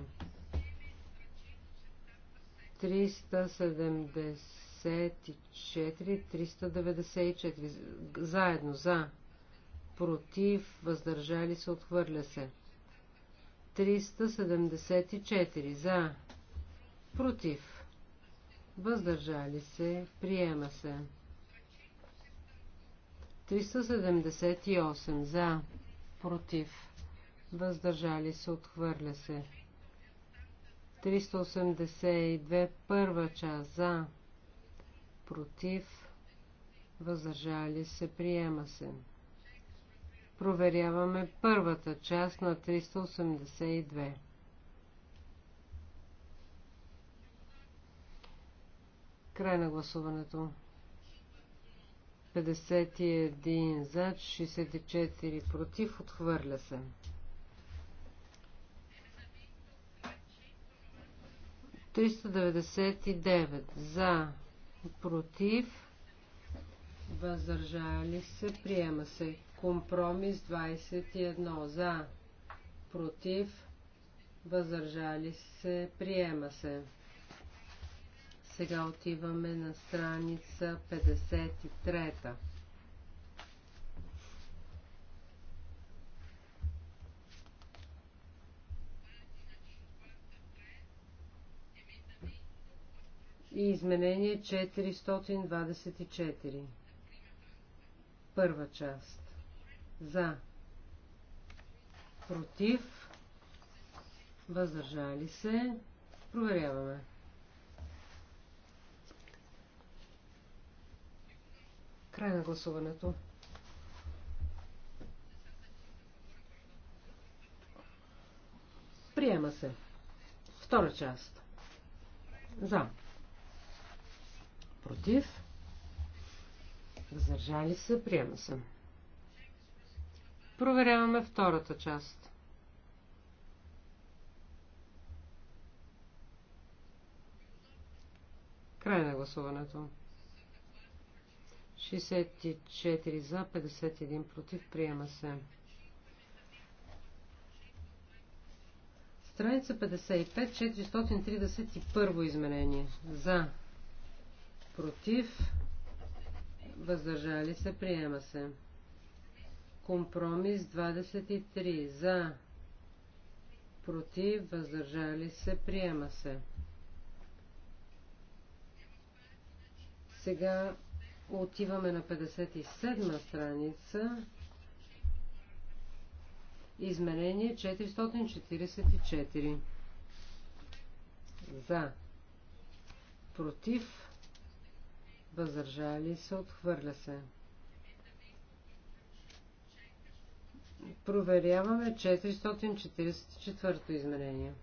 B: 374-394 заедно за, против, въздържали се, отхвърля се. 374 за, против, въздържали се, приема се. 378 за, против, въздържали се, отхвърля се. 382 първа част за, против, въздържали се, приема се. Проверяваме първата част на 382. Край на гласуването. 51 за, 64 против, отхвърля се. 399 за, против, въздържали се, приема се. Компромис 21 за, против, въздържали се, приема се. Сега отиваме на страница 53. и изменение 424. Първа част. За. Против. Въздържали се. Проверяваме. Край на гласуването. Приема се. Втора част. За. Против. Въздържали се. Приема се. Проверяваме втората част. Край на гласуването. 64 за, 51 против. Приема се. Страница 55, 431 изменение. За. Против. Въздържали се. Приема се. Компромис 23. За. Против. Въздържали се. Приема се. Сега Отиваме на 57 страница. Изменение 444. За. Против. Въздържали се. Отхвърля се. Проверяваме 444 изменение.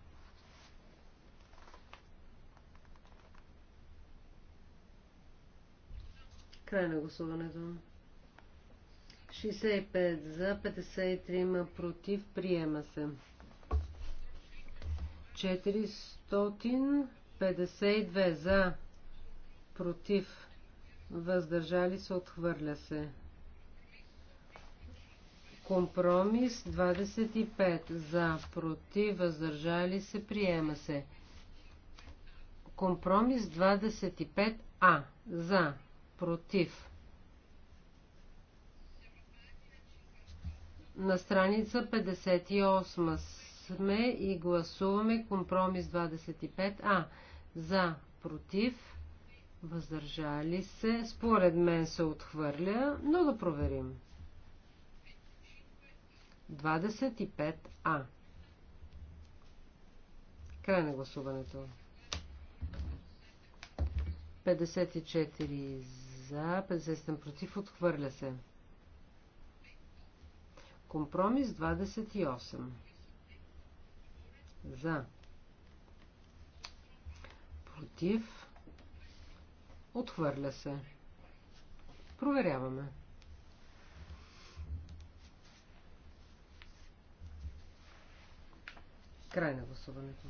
B: Край на гласуването. 65 за, 53 против, приема се. 452 за, против, въздържали се, отхвърля се. Компромис 25 за, против, въздържали се, приема се. Компромис 25а за, против. На страница 58 сме и гласуваме компромис 25А. За, против, въздържали се. Според мен се отхвърля, но да проверим. 25А. Край на гласуването. 54 за за, 57 против, отхвърля се. Компромис 28. За. Против. Отхвърля се. Проверяваме. Край на гласуването.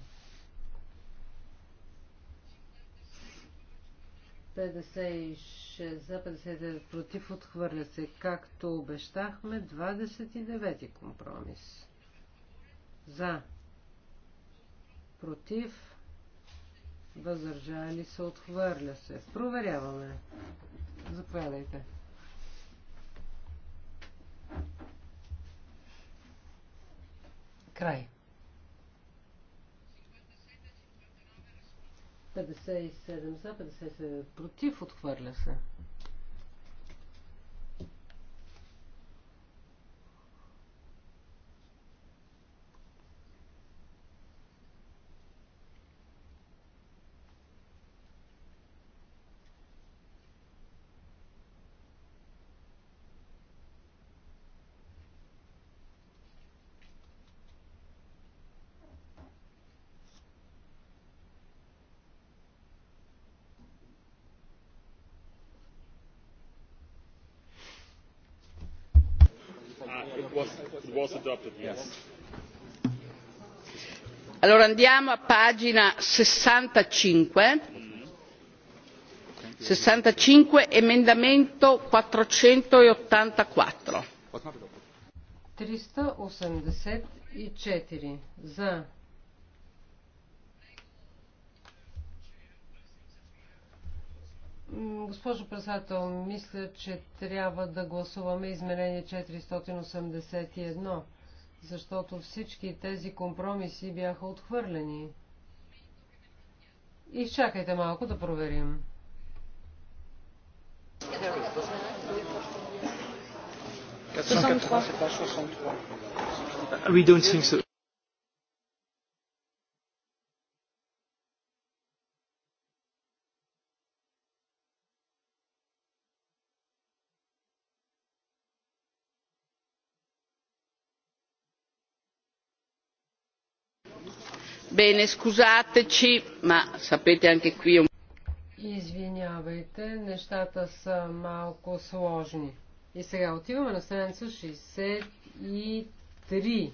B: 56 за 59 против отхвърля се, както обещахме, 29 компромис. За, против, въздържали се, отхвърля се. Проверяваме. Заповядайте. Край. 57 за, 57 против, отхвърля се.
A: allora andiamo a pagina sessantacinque sessantacinque emendamento quattrocentottantaquattro
B: за Госпожо председател, мисля, че трябва да гласуваме изменение 481 защото всички тези компромиси бяха отхвърлени. Изчакайте малко да проверим.
A: We don't think so. Bene, scusateci, ma sapete anche qui... Извинявайте,
B: нещата са малко сложни. И сега отиваме на страница 63.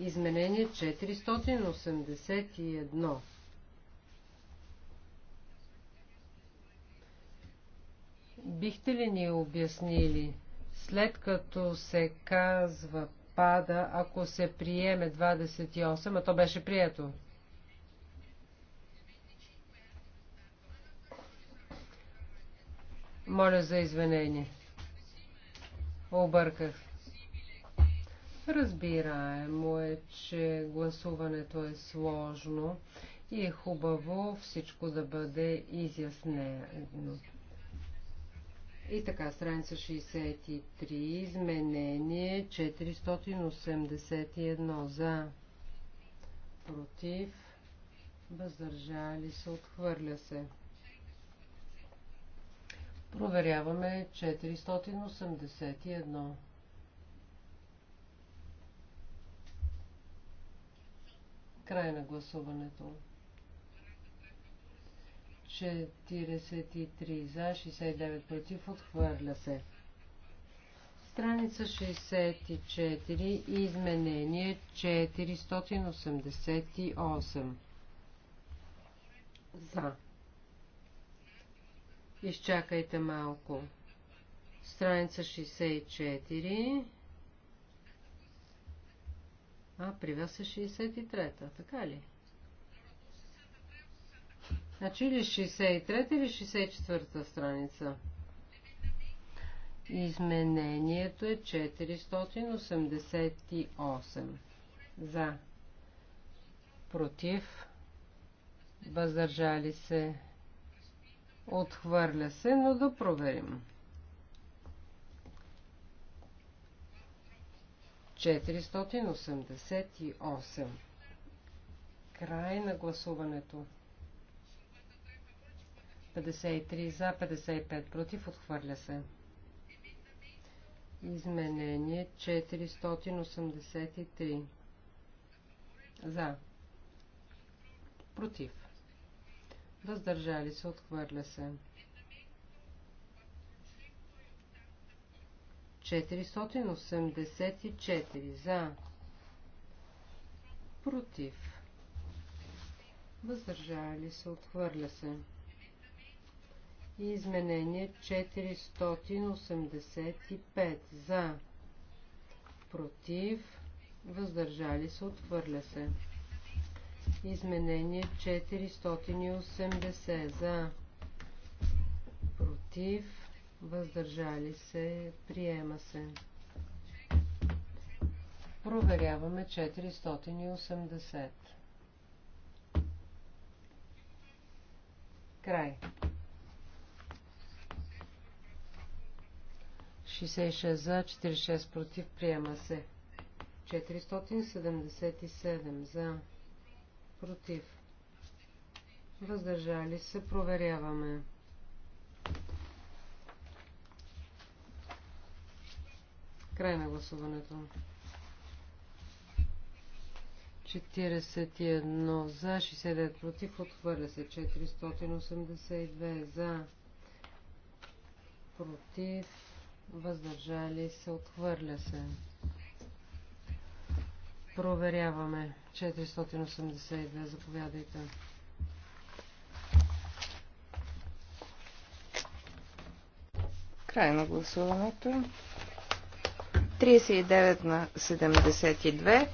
B: Изменение 481. Бихте ли ни обяснили, след като се казва пада, ако се приеме 28, а то беше прието. Моля за извинение. Обърках. Разбираемо е, че гласуването е сложно и е хубаво всичко да бъде изяснено. И така, страница 63, изменение 481 за, против, въздържали се, отхвърля се. Проверяваме 481. Край на гласуването. 43 за, 69 против, отхвърля се. Страница 64, изменение 488. За. Изчакайте малко. Страница 64. А, при вас е 63-та, така ли? 63. Значи или 63-та или 64-та страница. Изменението е 488. За. Против. Въздържали се. Отхвърля се, но да проверим. 488. Край на гласуването. 53 за, 55 против, отхвърля се. Изменение 483 за, против, въздържали се, отхвърля се. 484 за, против, въздържали се, отхвърля се. Изменение 485 за, против, въздържали се, отхвърля се. Изменение 480 за, против, въздържали се, приема се. Проверяваме 480. Край. 66 за, 46 против, приема се. 477 за, против, въздържали се, проверяваме. Край на гласуването. 41 за, 69 против, отхвърля се. 482 за, против, въздържали се, отхвърля се. Проверяваме. 482, заповядайте.
D: Край на гласуването. 39 на 72.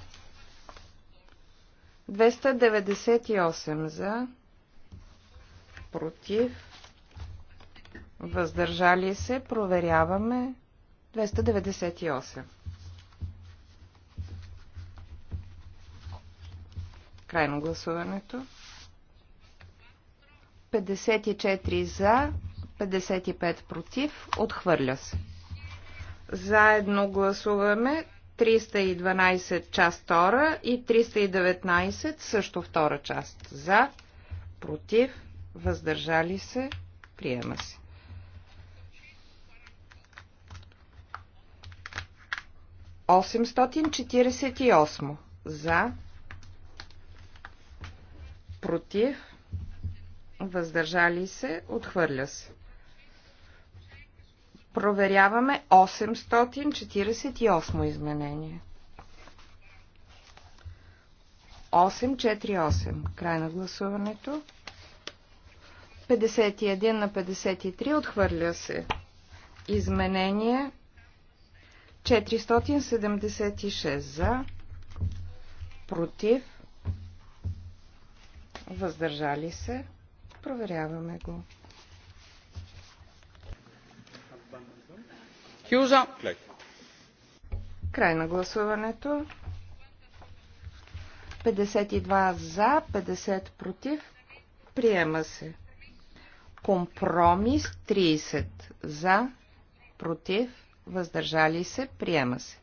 D: 298 за. Против въздържали се, проверяваме 298. Крайно гласуването. 54 за, 55 против, отхвърля се. Заедно гласуваме 312 част 2 и 319 също втора част за, против, въздържали се, приема се. 848 за, против, въздържали се, отхвърля се. Проверяваме 848 изменение. 848. Край на гласуването. 51 на 53 отхвърля се. Изменение 476 за, против, въздържали се. Проверяваме го. Кюжа. Край на гласуването. 52 за, 50 против. Приема се. Компромис 30 за, против въздържали се, приема се.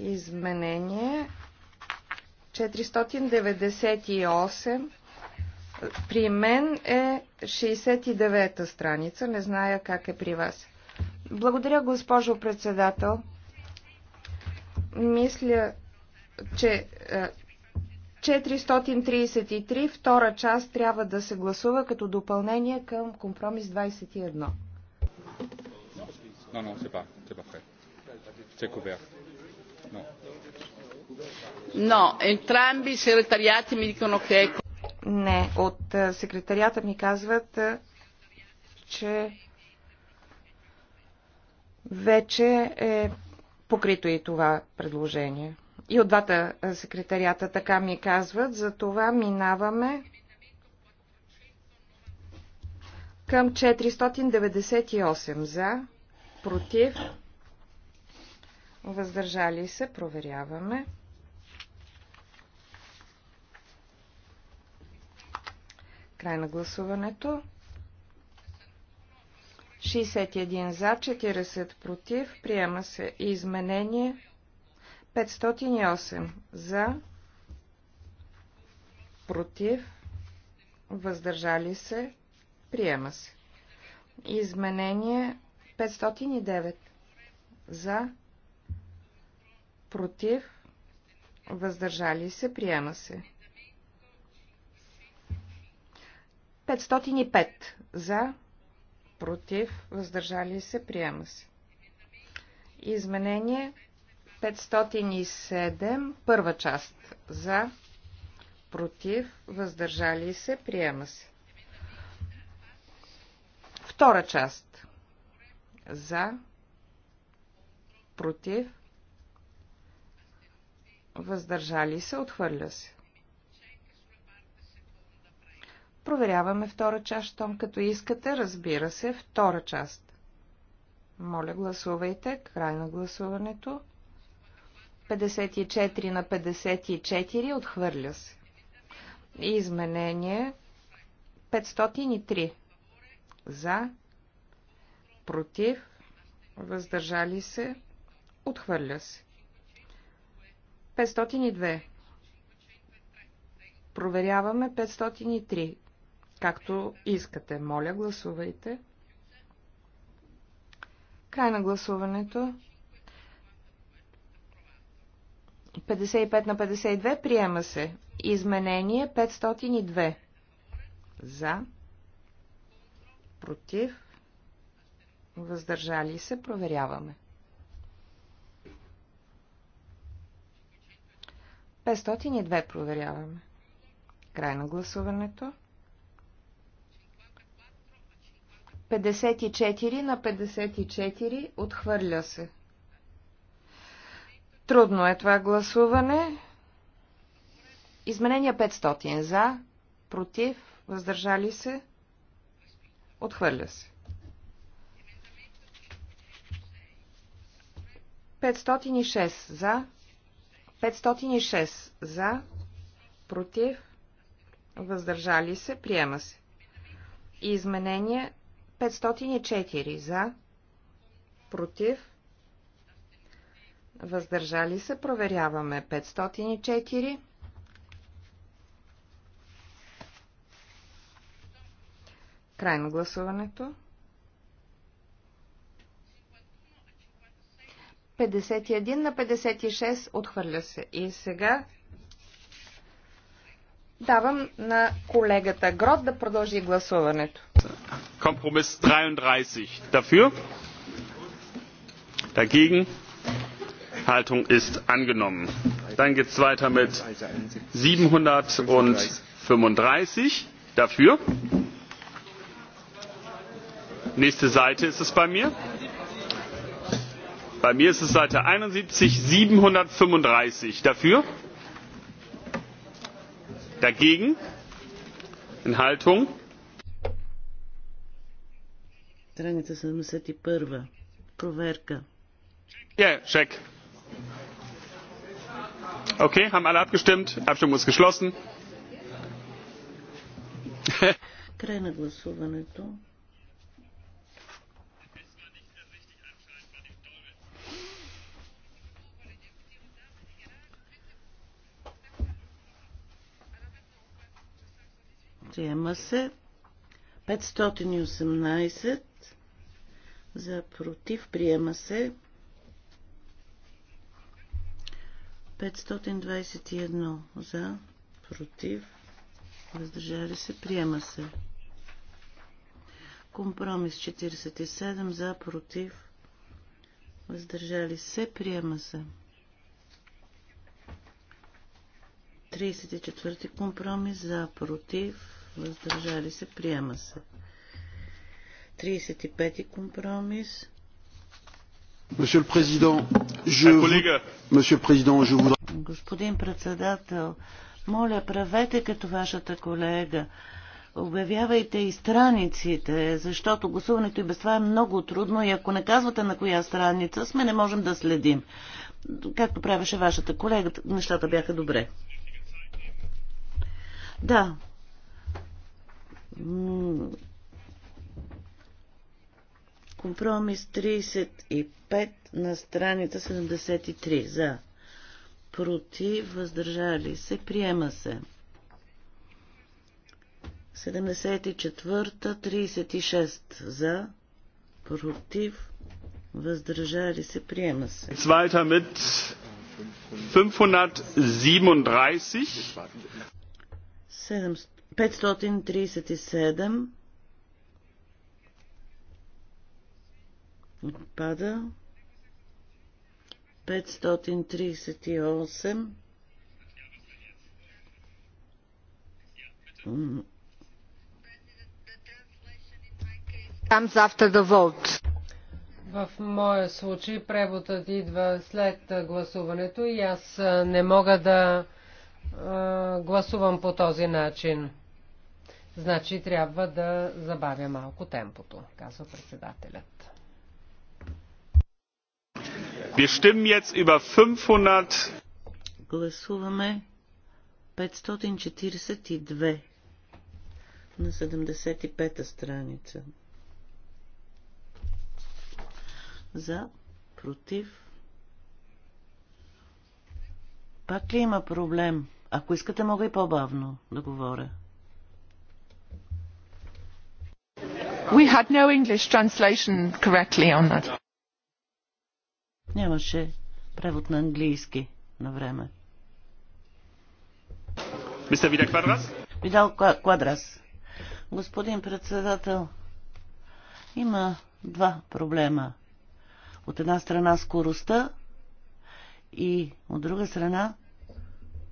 D: Изменение 498 при мен е 69-та страница, не зная как е при вас. Благодаря, госпожо председател. Мисля, че е, 433, втора част, трябва да се гласува като допълнение към компромис 21.
E: Non, non, c'est pas, c'est pas prêt. C'est couvert. Non.
A: No, entrambi i segretariati mi dicono che è... Не, от е, секретарията ми казват, е, че
D: вече е покрито и това предложение. И от двата е, секретарията така ми казват. За това минаваме към 498 за, против, въздържали се, проверяваме. Край на гласуването. 61 за, 40 против. Приема се изменение 508 за, против, въздържали се, приема се. Изменение 509 за, против, въздържали се, приема се. 505 за, против, въздържали се, приема се. Изменение 509 507, първа част за, против, въздържали се, приема се. Втора част за, против, въздържали се, отхвърля се. Проверяваме втора част, щом като искате, разбира се, втора част. Моля, гласувайте, край на гласуването. 54 на 54 отхвърля се. Изменение 503. За, против, въздържали се, отхвърля се. 502. Проверяваме 503. Както искате. Моля, гласувайте. Край на гласуването. 55 на 52 приема се. Изменение 502. За. Против. Въздържали се. Проверяваме. 502 проверяваме. Край на гласуването. 54 на 54 отхвърля се. Трудно е това гласуване. Изменение 500 за, против, въздържали се, отхвърля се. 506 за, 506 за, против, въздържали се, приема се. И изменение 504 за, против, въздържали се, проверяваме 504. Край на гласуването. 51 на 56 отхвърля се. И сега давам на колегата Грот да продължи гласуването.
E: Компромис 33. Дафюр? Дагиген? enthaltung ist angenommen. dann geht es weiter mit siebenhundertfünfunddreißig dafür nächste seite ist es bei mir bei mir ist es seite einundsiebzig siebenhundertfünfunddreißig dafür dagegen enthaltung
C: страница 71. Проверка.
E: Okay, haben alle abgestimmt? Abstimmung ist geschlossen.
C: Край на гласуването. Приема се 518 за против. Приема се 521 за, против, въздържали се, приема се. Компромис 47 за, против, въздържали се, приема се. 34-ти компромис за, против, въздържали се, приема се. 35-ти компромис Господин председател, моля, правете като вашата колега. Обявявайте и страниците, защото гласуването и без това е много трудно и ако не казвате на коя страница сме, не можем да следим. Както правеше вашата колега, нещата бяха добре. Да. Компромис 35 на страница 73. За. Против. Въздържали се. Приема се. 74 36 за, против, въздържали се, приема се.
E: Zweiter мит 537.
C: 537 Отпада. 538.
B: Comes after the vote. В моя случай преводът идва след гласуването и аз не мога да а, гласувам по този начин. Значи трябва да забавя малко темпото, казва председателят.
E: Wir stimmen jetzt über Гласуваме
C: 542 на 75-та страница. За, против. Пак ли има проблем? Ако искате, мога и по-бавно да говоря.
A: We had no English translation correctly on that.
C: Нямаше превод на английски на време.
E: Мисля Вида Квадрас?
C: Видал Квадрас. Господин председател, има два проблема. От една страна скоростта и от друга страна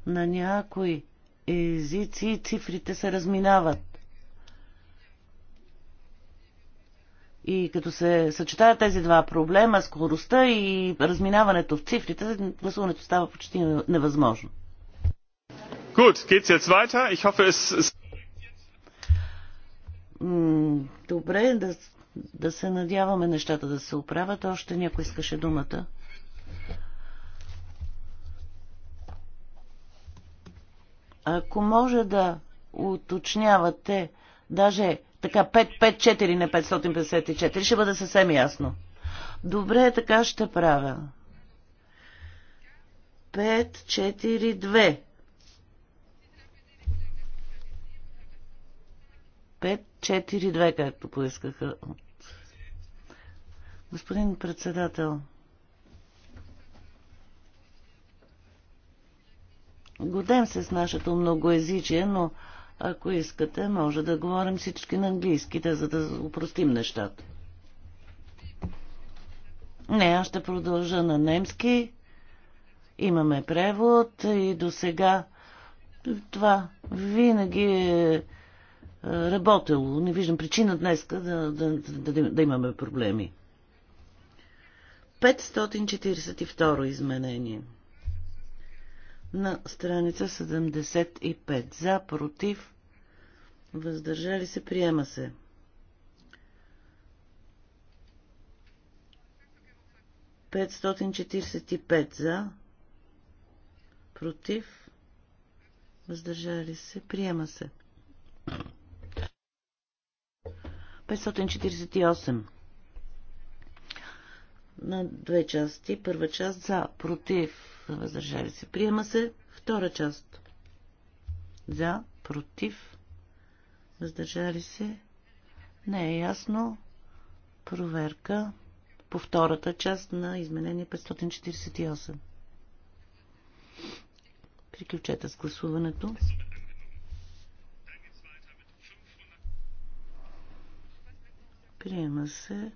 C: на някои езици цифрите се разминават. И като се съчетаят тези два проблема, скоростта и разминаването в цифрите, гласуването става почти невъзможно.
E: Gut, geht's jetzt weiter? Ich hoffe, es ist...
C: Добре, да, да се надяваме нещата да се оправят. Още някой искаше думата. Ако може да уточнявате, даже така, 5, 5, 4, не 554. Ще бъде съвсем ясно. Добре, така ще правя. 542. 5-4-2, както поискаха. Господин председател, годем се с нашето многоезичие, но ако искате, може да говорим всички на английските, за да упростим нещата. Не, аз ще продължа на немски. Имаме превод и до сега това винаги е, е работело. Не виждам причина днес да, да, да, да, да имаме проблеми. 542 изменение на страница 75. За, против, въздържали се, приема се. Петстотин за, против, въздържали се, приема се. 548 на две части. Първа част за, против, въздържали се. Приема се втора част. За, против, въздържали се. Не е ясно. Проверка по втората част на изменение 548. Приключете с гласуването. Приема се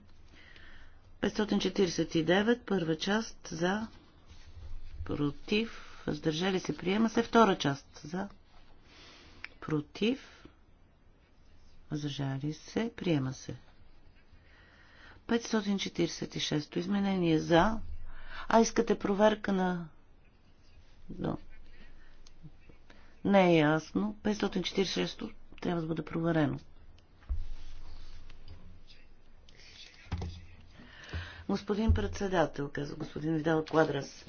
C: 549, първа част за против, въздържали се, приема се. Втора част за, против, въздържали се, приема се. 546 изменение за, а искате проверка на... Да. Не е ясно. 546 то трябва да бъде проверено. Господин председател, каза господин Видал Квадрас.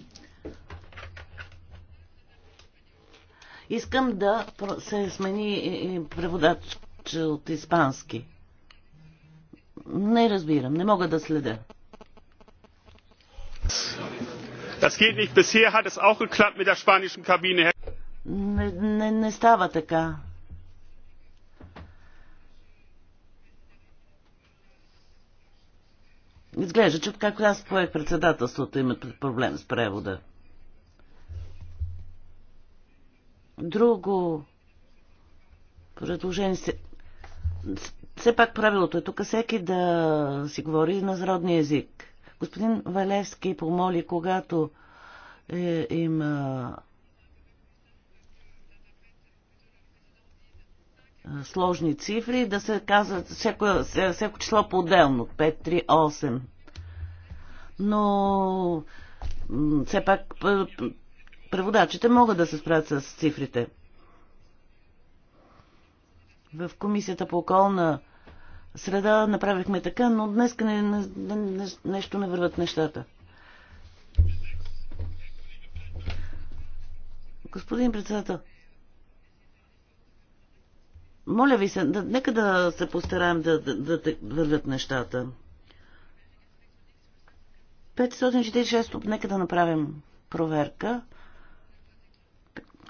C: Искам да се смени е, е, преводач от испански. Не разбирам, не мога да следя.
E: Das geht nicht. Bisher hat es auch geklappt mit der spanischen Kabine.
C: Не, не, не става така. Изглежда, че откакто аз поех председателството имат проблем с превода. Друго предложение. Все пак правилото е тук всеки да си говори на зародния език. Господин Валевски помоли, когато е, има сложни цифри, да се казват всяко, всяко число по-отделно. 5, 3, 8. Но все пак преводачите могат да се справят с цифрите. В Комисията по околна среда направихме така, но днес не, не, не, нещо не върват нещата. Господин председател, моля ви се, да, нека да се постараем да, да, да, да вървят нещата. 546, нека да направим проверка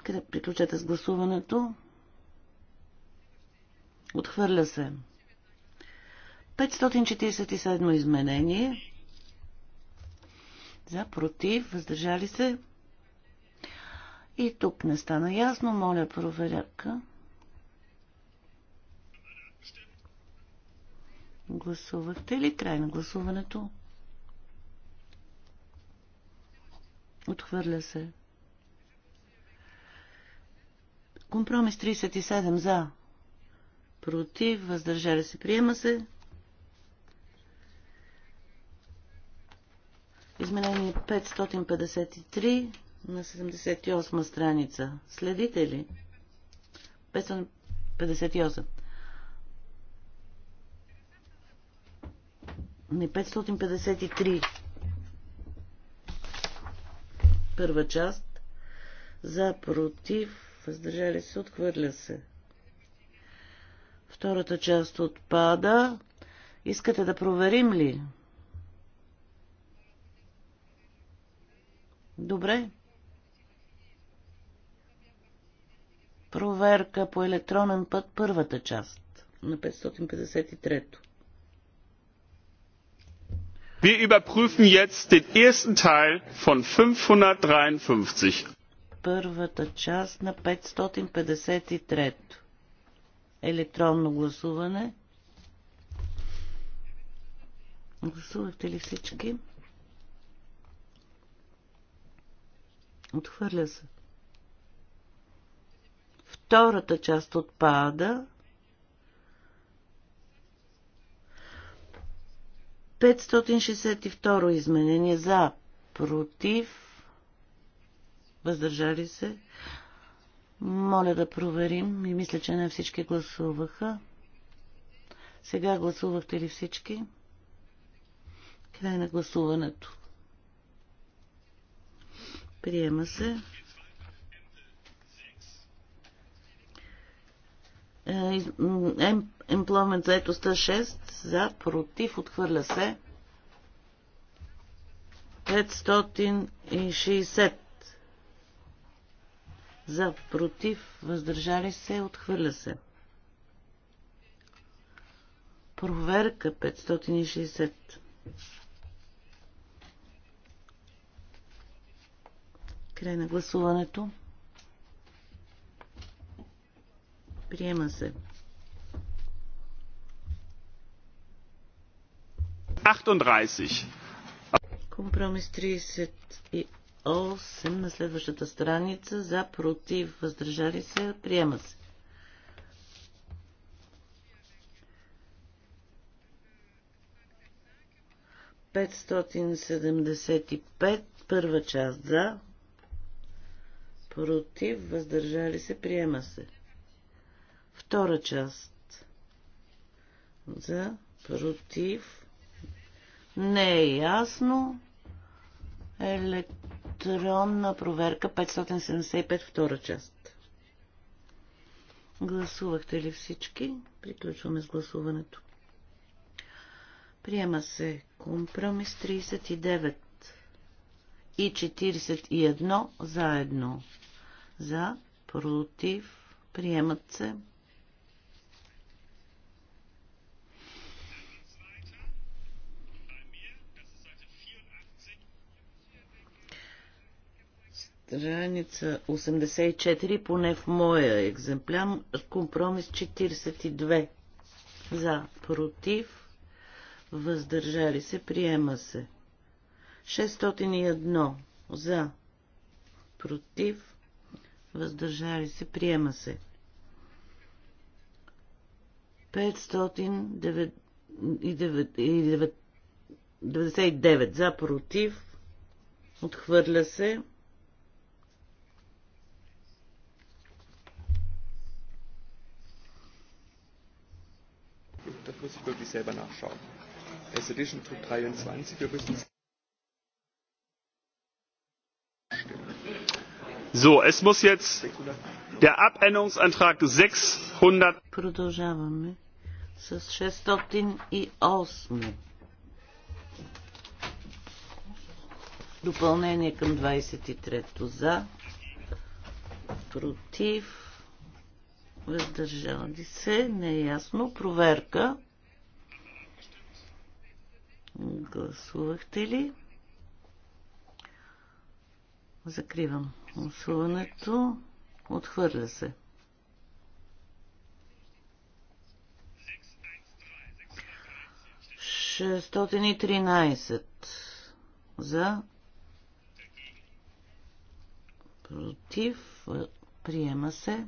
C: приключете с гласуването? Отхвърля се. 547 изменение. За, против, въздържали се. И тук не стана ясно. Моля проверяка. Гласувате ли? Край на гласуването. Отхвърля се. Компромис 37 за. Против. Въздържали се. Приема се. Изменение 553 на 78 страница. Следите ли? 558. Не, 553. Първа част. За против въздържали се, отхвърля се. Втората част отпада. Искате да проверим ли? Добре. Проверка по електронен път първата част на 553-то.
E: Wir überprüfen jetzt den ersten Teil von 553 първата част на 553.
C: Електронно гласуване. Гласувахте ли всички? Отхвърля се. Втората част отпада. 562 изменение за, против, въздържали се. Моля да проверим и мисля, че не всички гласуваха. Сега гласувахте ли всички? Край на гласуването. Приема се. Емпломент заетостта 6 за против отхвърля се 560 за, против, въздържали се, отхвърля се. Проверка 560. Край на гласуването. Приема се. 38. Компромис 38. 8 на следващата страница за против въздържали се приема се. Петстотин първа част за против въздържали се приема се. Втора част за против не е ясно. Електронно електронна проверка 575 втора част. Гласувахте ли всички? Приключваме с гласуването. Приема се компромис 39 и 41 заедно. За, против, приемат се. Страница 84, поне в моя екземпляр, компромис 42. За, против, въздържали се, приема се. 601. За, против, въздържали се, приема се. 599 за против, отхвърля се.
E: muss ich wirklich selber nachschauen. Es Edition 23, wir müssen So, es muss jetzt der Abänderungsantrag 600.
C: Допълнение към 23-то за, против, въздържали се, неясно, проверка. Гласувахте ли? Закривам гласуването. Отхвърля се. 613 за против приема се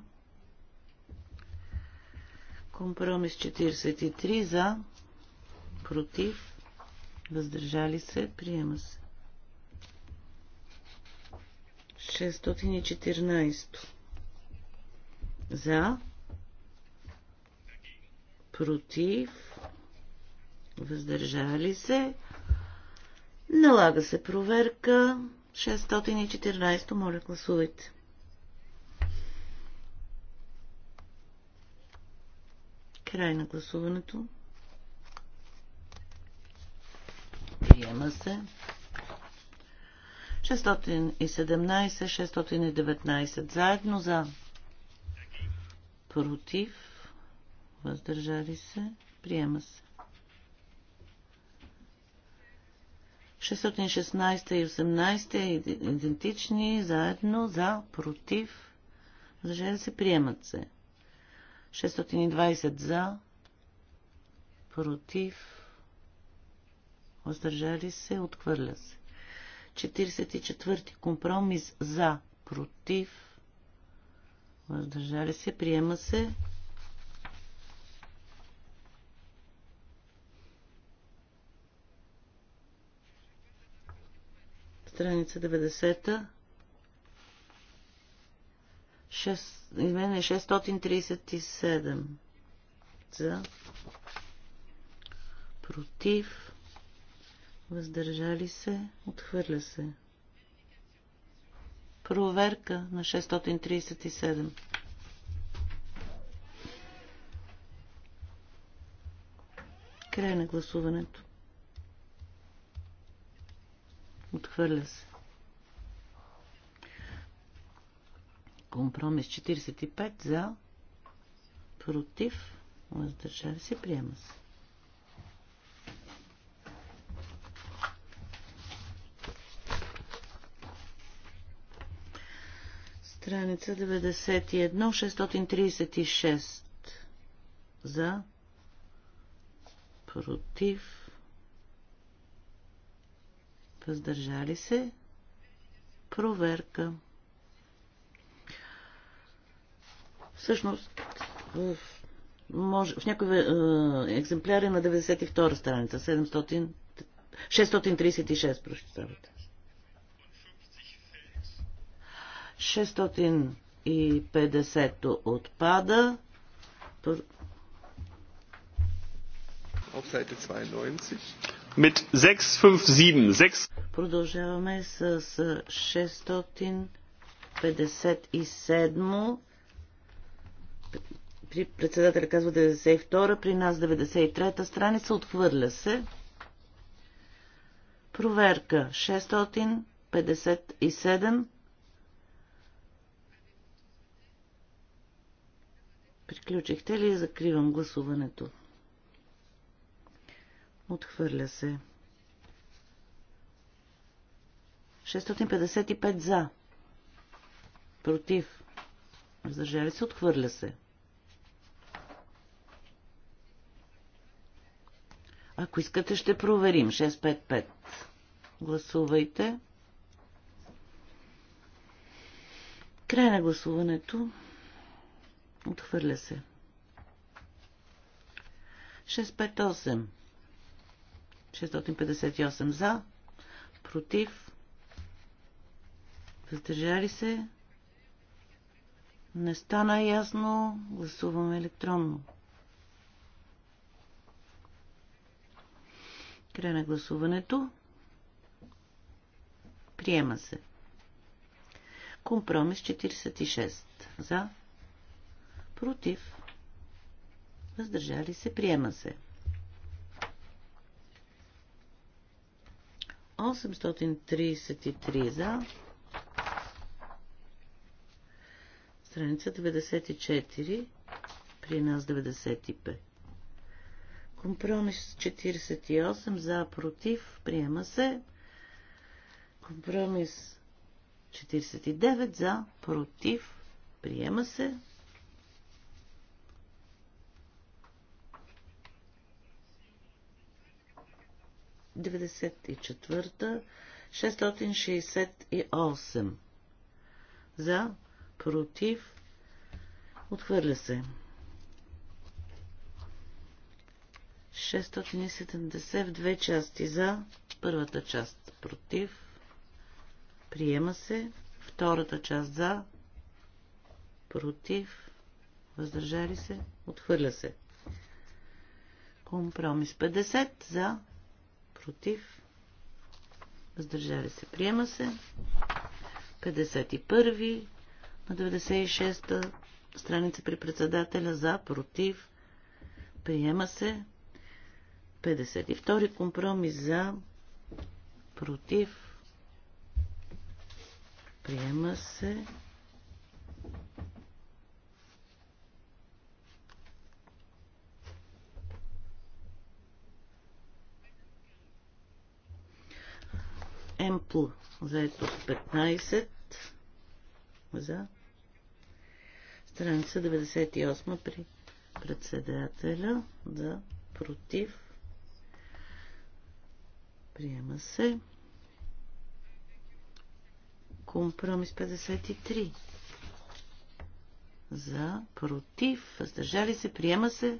C: компромис 43 за против въздържали се, приема се. 614 за, против, въздържали се, налага се проверка. 614, моля гласувайте. Край на гласуването. Приема се. 617-619 заедно за. Против. Въздържали се. Приема се. 616 и 18 е идентични заедно за. Против. Въздържали се. Приемат се. 620 за. Против въздържали се, отхвърля се. 44. Компромис за, против, въздържали се, приема се. Страница 90. 6, измене 637 за против Въздържали се. Отхвърля се. Проверка на 637. Край на гласуването. Отхвърля се. Компромис 45 за. Против. въздържава се. Приема се. Страница 91, 636 за, против, въздържали се, проверка. Всъщност, в, може, в някои е, екземпляри на 92 страница, 700, 636 прочитавате. 650 отпада. Auf Seite 92.
E: Mit 657. 6...
C: Продължаваме с 657. При председателя казва 92, при нас 93-та страница отхвърля се. Проверка 657. Включихте ли? Закривам гласуването. Отхвърля се. 655 за. Против. Въздържали се. Отхвърля се. Ако искате, ще проверим. 655. Гласувайте. Край на гласуването. Отхвърля се. 658. 658 за. Против. Въздържали се. Не стана ясно. Гласуваме електронно. Край на гласуването. Приема се. Компромис 46. За против, въздържали се, приема се. 833 за, страница 94, при нас 95. Компромис 48 за, против, приема се. Компромис 49 за, против, приема се. 94 668. За, против, отхвърля се. 670 в две части за, първата част против, приема се, втората част за, против, въздържали се, отхвърля се. Компромис 50 за, против, въздържали се, приема се. 51 на 96-та страница при председателя за, против, приема се. 52 компромис за, против, приема се. МПЛ. Заето 15. За. Страница 98 при председателя. За. Против. Приема се. Компромис 53. За. Против. Въздържали се. Приема се.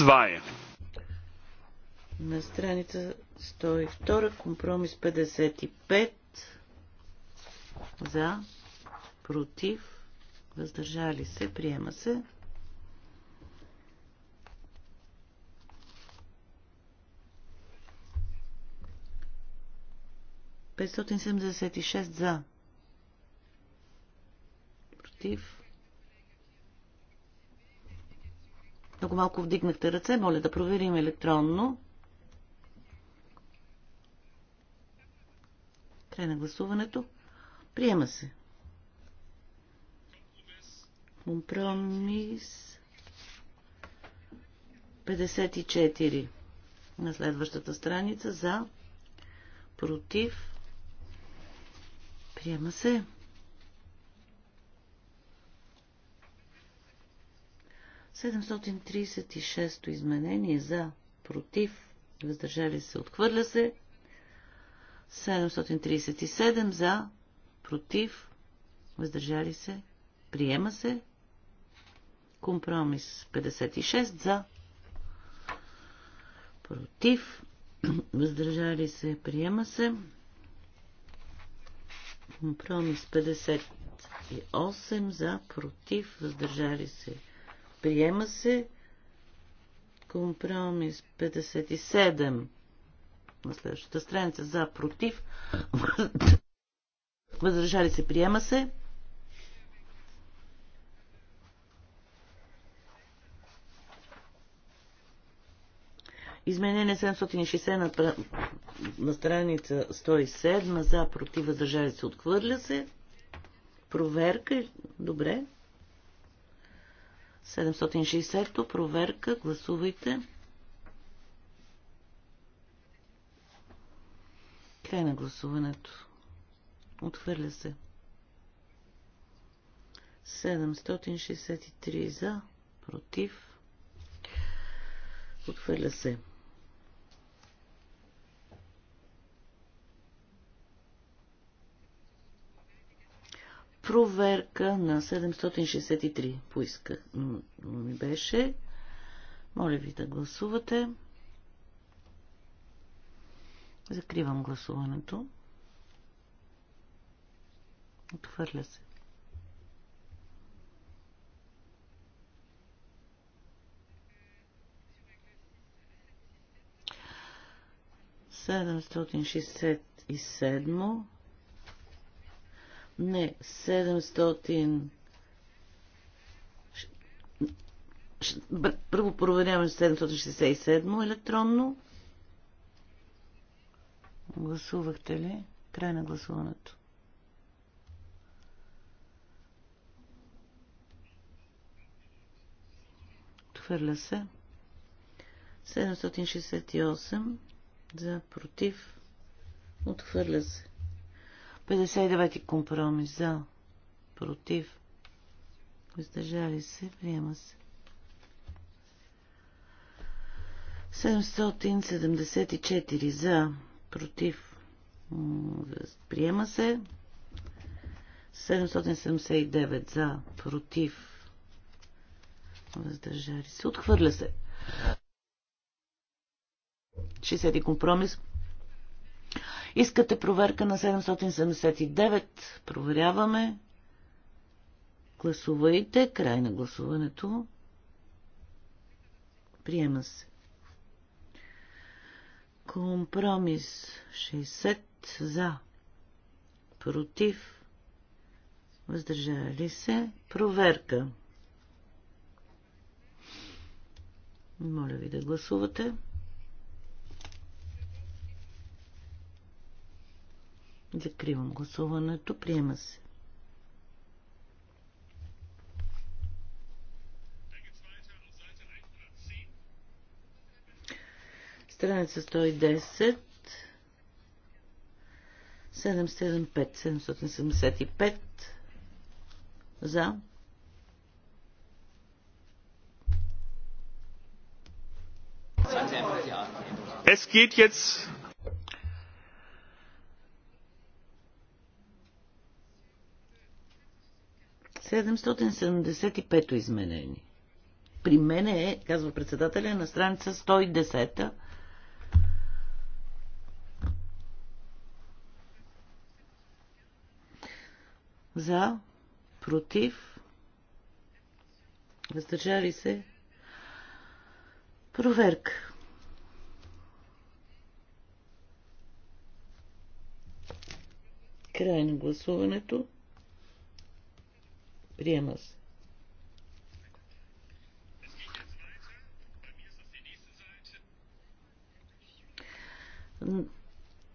C: 2. На страница 102, компромис 55, за, против, въздържали се, приема се. Петстотин за. Против. Много малко вдигнахте ръце. Моля да проверим електронно. Край на гласуването. Приема се. Компромис 54 на следващата страница за против. Приема се. 736-то изменение за, против, въздържали се, отхвърля се. 737 за, против, въздържали се, приема се. Компромис 56 за, против, въздържали се, приема се. Компромис 58 за, против, въздържали се, приема се. Приема се компромис 57 на следващата страница за против. Въздържали се, приема се. Изменение 760 на, на страница 107 за против въздържали се отхвърля се. Проверка. Добре. 760-то, проверка, гласувайте. Край на гласуването. Отхвърля се. 763 за, против. Отхвърля се. Проверка на 763 поиска ми беше. Моля ви да гласувате. Закривам гласуването. Отхвърля се. Седемстотин шестдесет и седмо не, 700. Първо проверяваме 767 електронно. Гласувахте ли? Край на гласуването. Отхвърля се. 768 за против. Отхвърля се. 59-ти компромис за, против, въздържали се, приема се. 774 за, против, приема се. 779 за, против, въздържали се, отхвърля се. 60 компромис Искате проверка на 779. Проверяваме. Гласувайте. Край на гласуването. Приема се. Компромис 60 за. Против. Въздържали се. Проверка. Моля ви да гласувате. Закривам гласуването. Приема се. Страница 110. 775. 775. За.
A: Es geht jetzt
C: 775-то изменение. При мен е, казва председателя, на страница 110-та. За, против, въздържали се. Проверка. Край на гласуването. Приема се.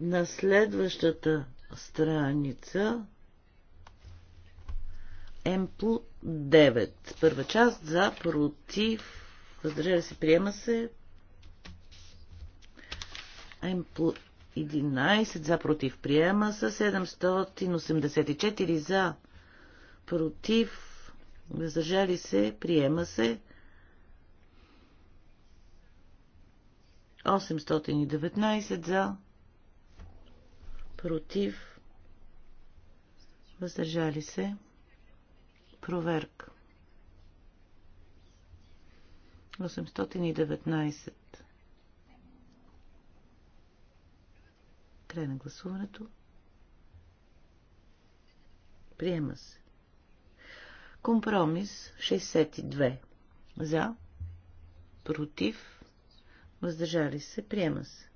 C: На следващата страница Емпл 9. Първа част за, против, Въздържава се, приема се. Емпл 11 за, против, приема се. 784 за, против, въздържали се, приема се. 819 за, против, въздържали се, проверка. 819. Край на гласуването. Приема се. Компромис 62. За. Против. Въздържали се. Приема се.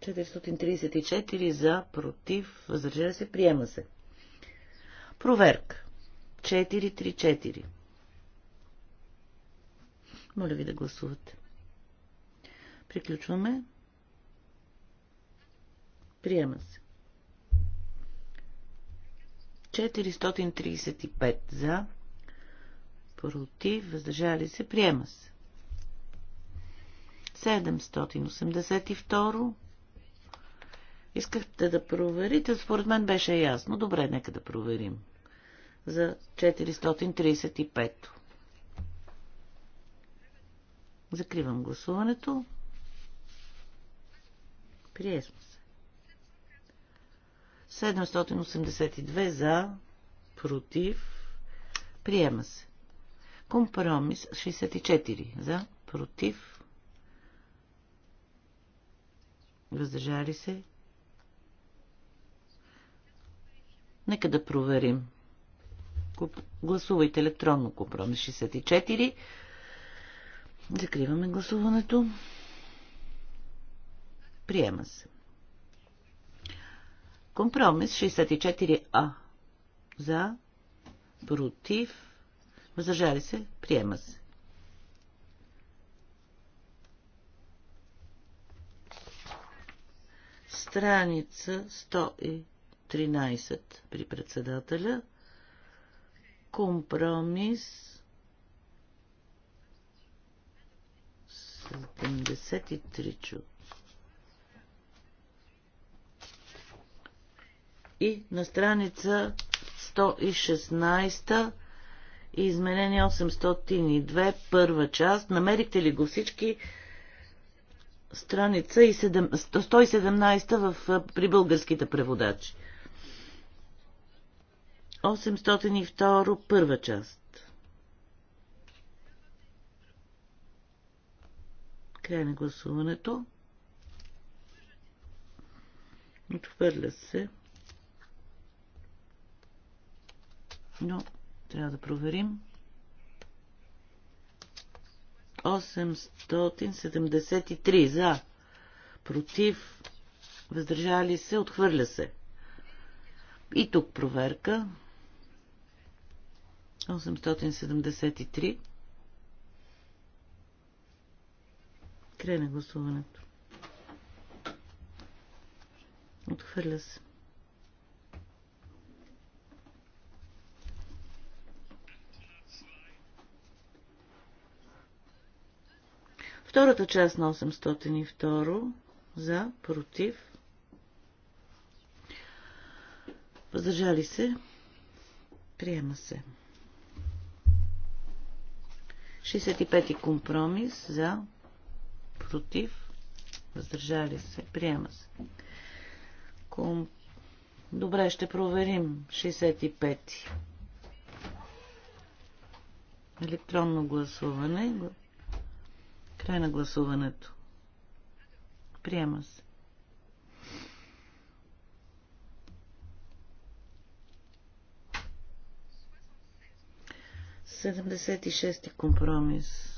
C: 434 за, против, Въздържа се, приема се. Проверка. 434. Моля ви да гласувате. Приключваме. Приема се. 435 за, против, въздържали се, приема се. 782. Искахте да проверите, според мен беше ясно. Добре, нека да проверим. За 435. Закривам гласуването. Приема се. 782 за, против, приема се. Компромис 64 за, против, въздържали се. Нека да проверим. Гласувайте електронно компромис 64. Закриваме гласуването. Приема се. Компромис 64А. За, против, въздържали се, приема се. Страница 113 при председателя. Компромис 73 чук. и на страница 116 изменени изменение 802, първа част. Намерихте ли го всички? Страница и 7, 117 в, при българските преводачи. 802, първа част. Край на гласуването. Отхвърля се. но трябва да проверим. 873 за, против, въздържали се, отхвърля се. И тук проверка. 873. Крене на гласуването. Отхвърля се. Втората част на 802 за, против, въздържали се, приема се. 65-ти компромис за, против, въздържали се, приема се. Ком... Добре, ще проверим 65-ти. Електронно гласуване. Край на гласуването. Приема се. Седемдесет и шести компромис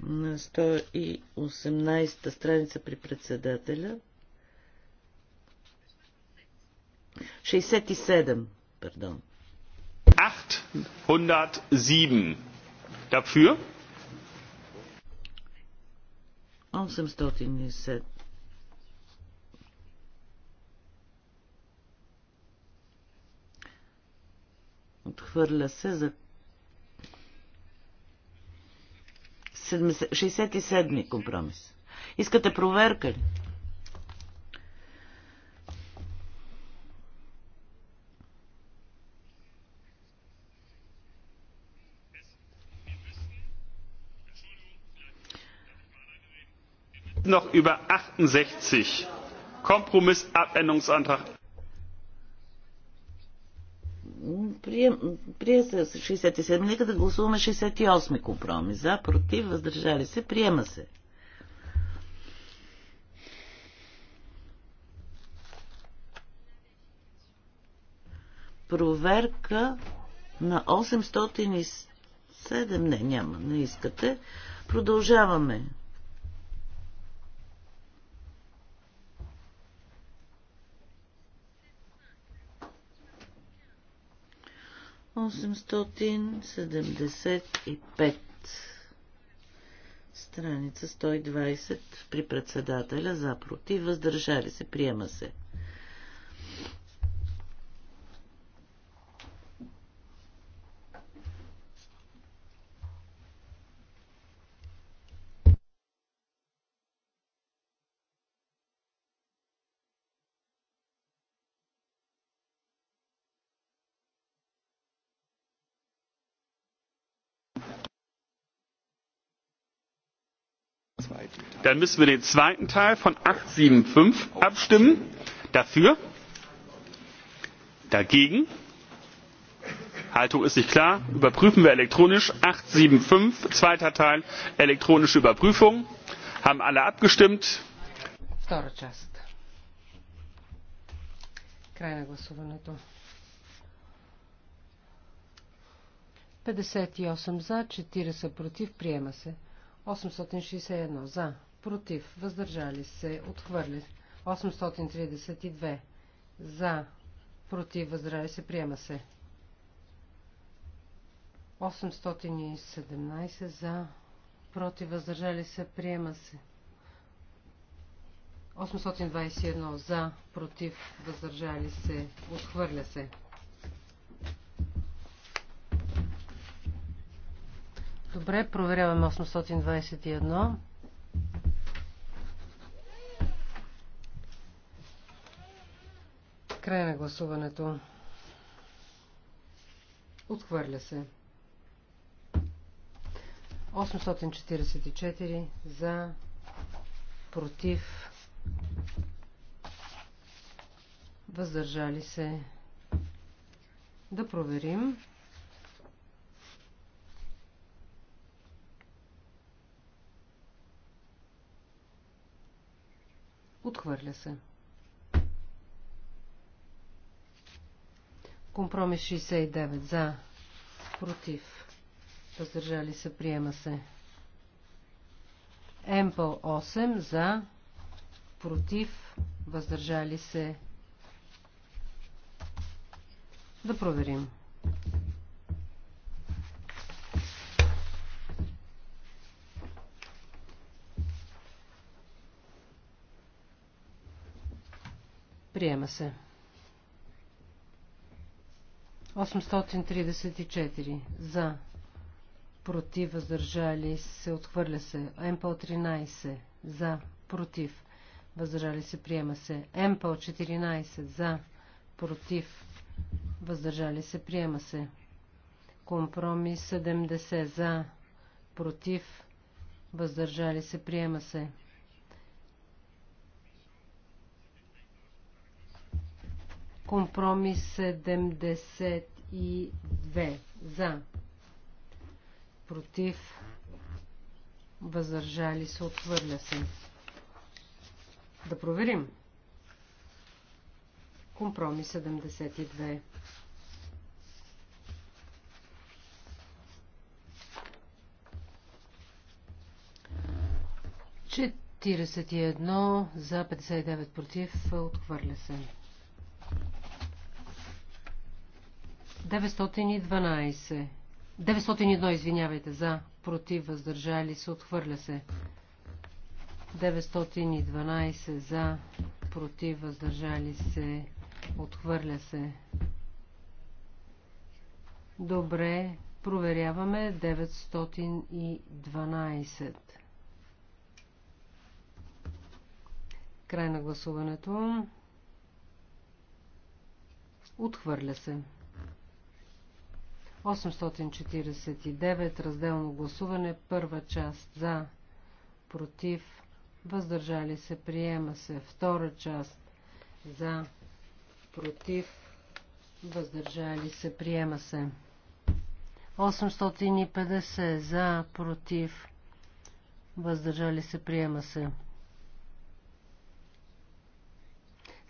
C: на 118-та страница при председателя. 67,
E: pardon. 807. Dafür?
C: 807. Отхвърля се за 67 компромис. Искате проверка ли?
E: noch über achtundsechzig kompromissabänderungsantrag
C: Прие се 67. Нека да гласуваме 68 компромис. За, против, въздържали се. Приема се. Проверка на 807. Не, няма. Не искате. Продължаваме. 875. Страница 120 при председателя за против, въздържали се, приема се.
E: dann müssen wir den zweiten teil von achthundertfünfundsiebzig abstimmen dafür dagegen haltung ist nicht klar überprüfen wir elektronisch achthundertfünfundsiebzig zweiter teil elektronische überprüfung haben alle abgestimmt
B: за, 40 против, приема се. 861 за против, въздържали се, отхвърли. 832 за, против, въздържали се, приема се. 817 за, против, въздържали се, приема се. 821 за, против, въздържали се, отхвърля се. Добре, проверяваме 821. Край на гласуването. Отхвърля се. 844 за, против, въздържали се. Да проверим. Отхвърля се. Компромис 69 за. Против. Въздържали се. Приема се. Емпъл 8 за. Против. Въздържали се. Да проверим. Приема се. 834 за, против, въздържали се, отхвърля се. МПО 13 за, против, въздържали се, приема се. МПО 14 за, против, въздържали се, приема се. Компромис 70 за, против, въздържали се, приема се. Компромис 72. За. Против. Въздържали се. Отхвърля се. Да проверим. Компромис 72. 41, за 59 против. Отхвърля се. 912. 901, извинявайте, за, против, въздържали се, отхвърля се. 912 за, против, въздържали се, отхвърля се. Добре, проверяваме 912. Край на гласуването. Отхвърля се. 849. Разделно гласуване. Първа част за, против, въздържали се, приема се. Втора част за, против, въздържали се, приема се. 850 за, против, въздържали се, приема се.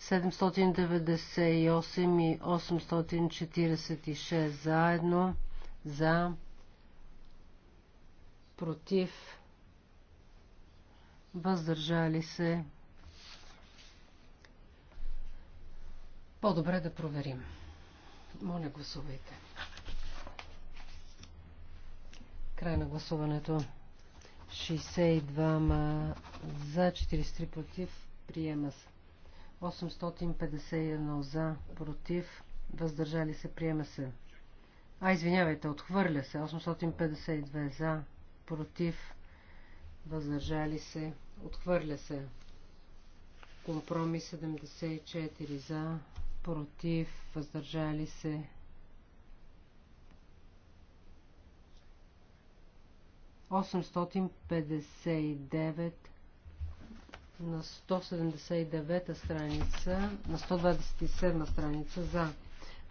B: 798 и 846 заедно за против въздържали се по-добре да проверим. Моля, гласувайте. Край на гласуването. 62 за, 43 против. Приема се. 851 за, против, въздържали се, приема се. А, извинявайте, отхвърля се. 852 за, против, въздържали се, отхвърля се. Компромис 74 за, против, въздържали се. Осемстотин на 179 страница, на 127 страница за,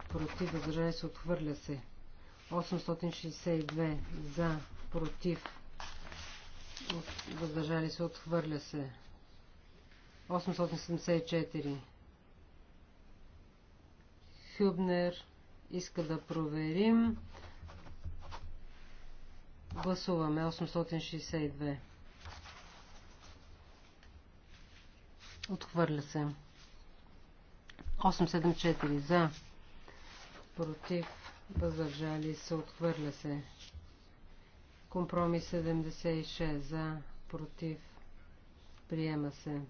B: против, възражение се, отхвърля се. 862 за, против, въздържали се, отхвърля се. 874 Хюбнер иска да проверим. Гласуваме 862. Отхвърля се. 874 за. Против. Въздържали се. Отхвърля се. Компромис 76 за. Против. Приема се.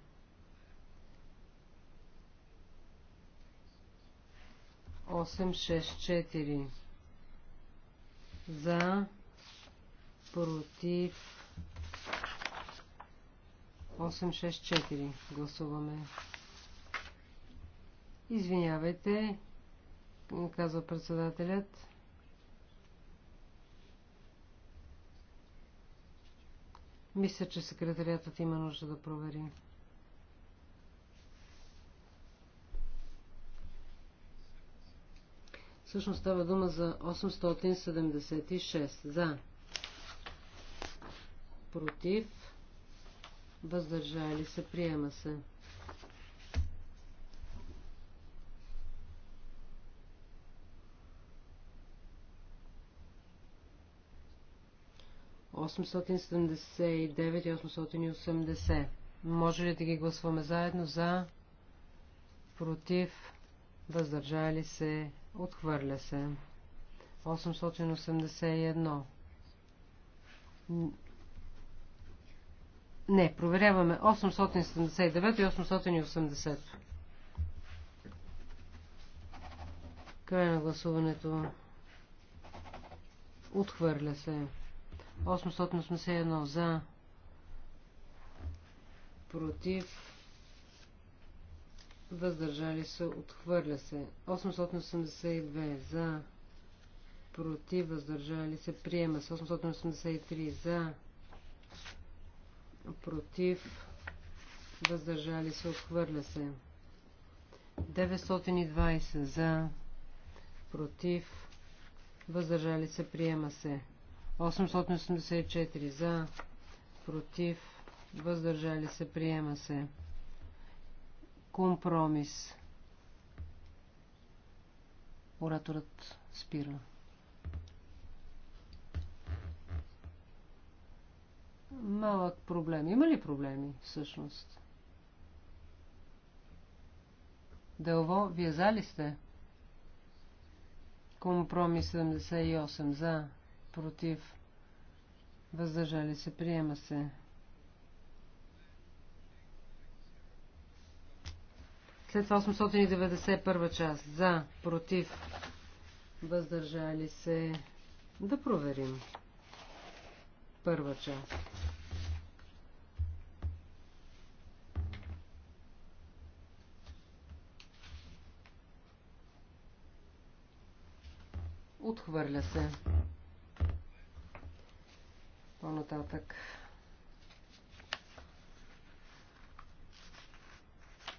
B: Осем, шест, четири. За, против, 864 гласуваме. Извинявайте, казва председателят. Мисля, че секретариатът има нужда да провери. Всъщност става дума за 876. За. Против въздържали се, приема се. Осемстотин и 880. Може ли да ги гласуваме заедно за, против, въздържали се, отхвърля се. 881. Не, проверяваме 879 и 880. Край на гласуването. Отхвърля се. 881 за. Против. Въздържали се. Отхвърля се. 882 за. Против. Въздържали се. Приема се. 883 за против, въздържали се, отхвърля се. 920 за, против, въздържали се, приема се. 884 за, против, въздържали се, приема се. Компромис. Ораторът спира. малък проблем. Има ли проблеми, всъщност? Дълво, вие за ли сте? Компромис 78 за, против, въздържали се, приема се. След 891 част за, против, въздържали се. Да проверим първа част. Отхвърля се. По-нататък.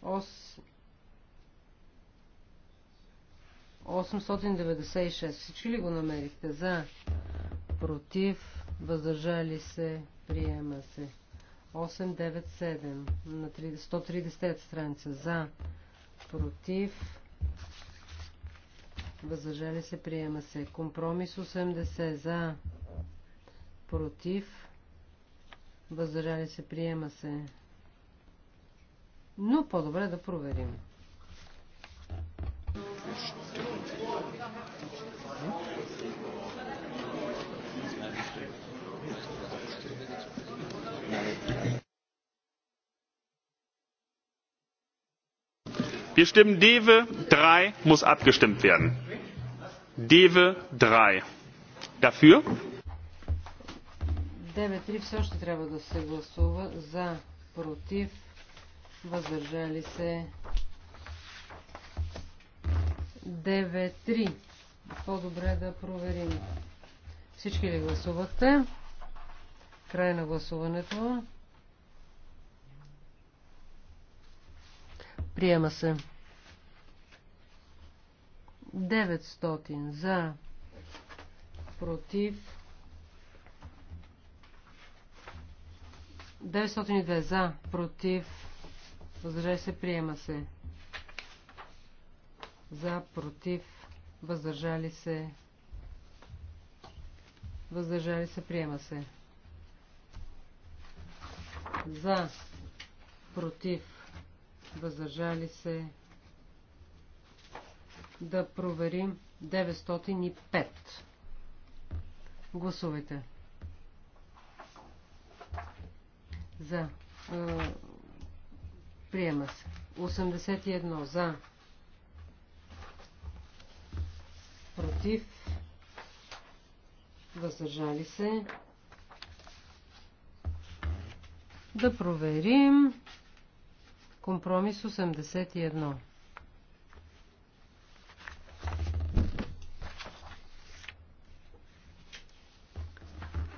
B: Ос... 896. Всички ли го намерихте? За. Против въздържали се, приема се. 897 на 130 страница за, против, въздържали се, приема се. Компромис 80 за, против, въздържали се, приема се. Но по-добре да проверим.
E: wir stimmen Dewe 3 muss abgestimmt werden. Dewe 3. Dafür?
B: 3 все още трябва да се гласува за, против, въздържали се. 9.3. По-добре да проверим. Всички ли гласувате? Край на гласуването. Приема се. 900 за. Против. 902 за. Против. Въздържай се. Приема се. За. Против. Въздържали се. Въздържали се. Приема се. За. Против въздържали се да проверим 905. Гласувайте. За. Приема се. 81 за. Против. Въздържали се. Да проверим. Компромис 81.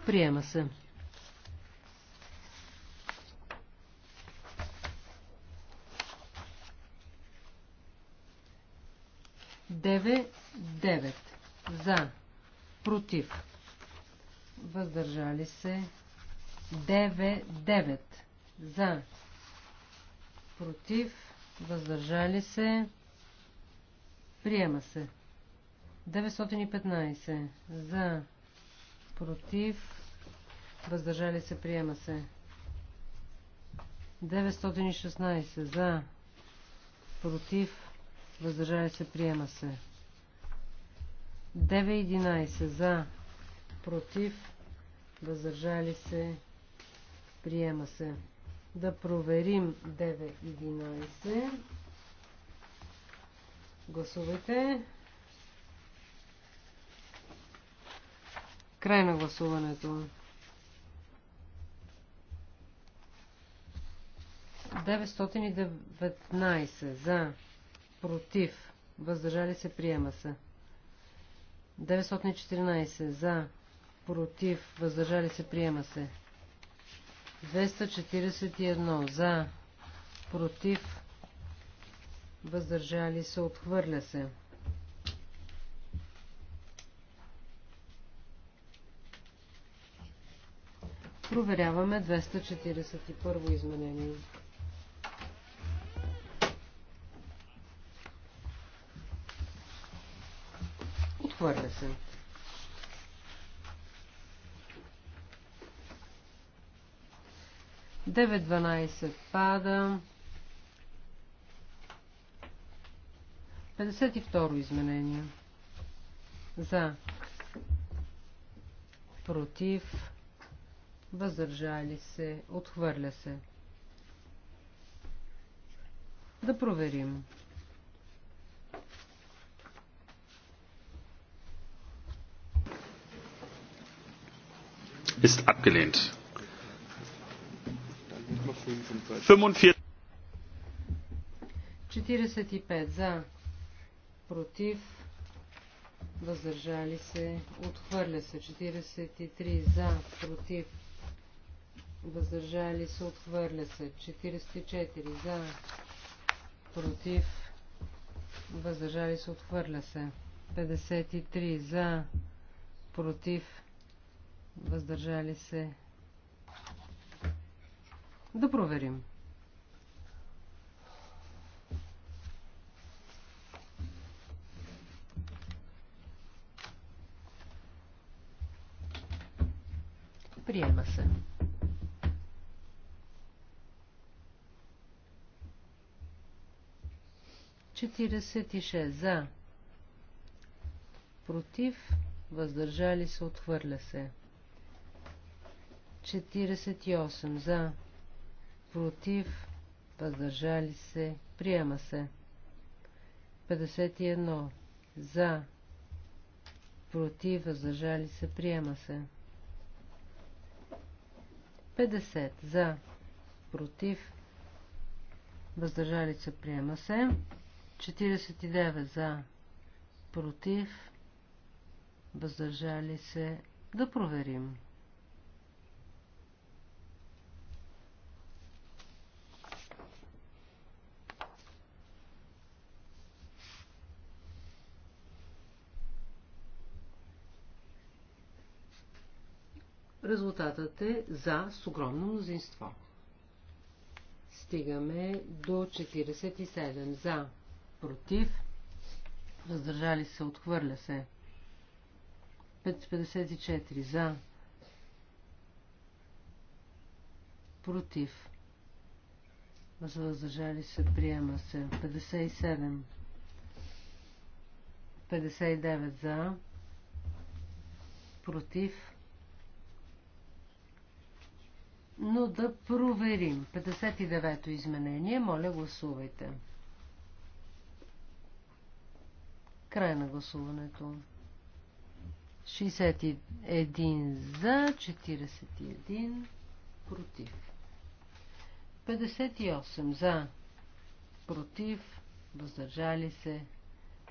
B: Приема се. Деве, девет. За. Против. Въздържали се. Деве, девет. За против, въздържали се, приема се. 915 за, против, въздържали се, приема се. 916 за, против, въздържали се, приема се. 911 за, против, въздържали се, приема се. Да проверим 9.11. Гласувайте. Край на гласуването. 919 за, против, въздържали се, приема се. 914 за, против, въздържали се, приема се. 241 за, против, въздържали се, отхвърля се. Проверяваме 241 изменение. Отхвърля се. 9.12 пада. 52 изменение. За. Против. Въздържали се. Отхвърля се. Да проверим.
E: Ist abgelehnt. 45
B: за, против, въздържали се, отхвърля се. 43 за, против, въздържали се, отхвърля се. 44 за, против, въздържали се, отхвърля се. 53 за, против, въздържали се, да проверим. Приема се. Четиридесет и шест за. Против. Въздържали се. Отхвърля се. 48 за против, въздържали се, приема се. 51. За, против, въздържали се, приема се. 50. За, против, въздържали се, приема се. 49. За, против, въздържали се, да проверим. Резултатът е за с огромно мнозинство. Стигаме до 47 за, против, въздържали се, отхвърля се. 54 за, против, въздържали се, приема се. 57, 59 за, против, но да проверим. 59-то изменение. Моля, гласувайте. Край на гласуването. 61 за, 41 против. 58 за, против, въздържали се,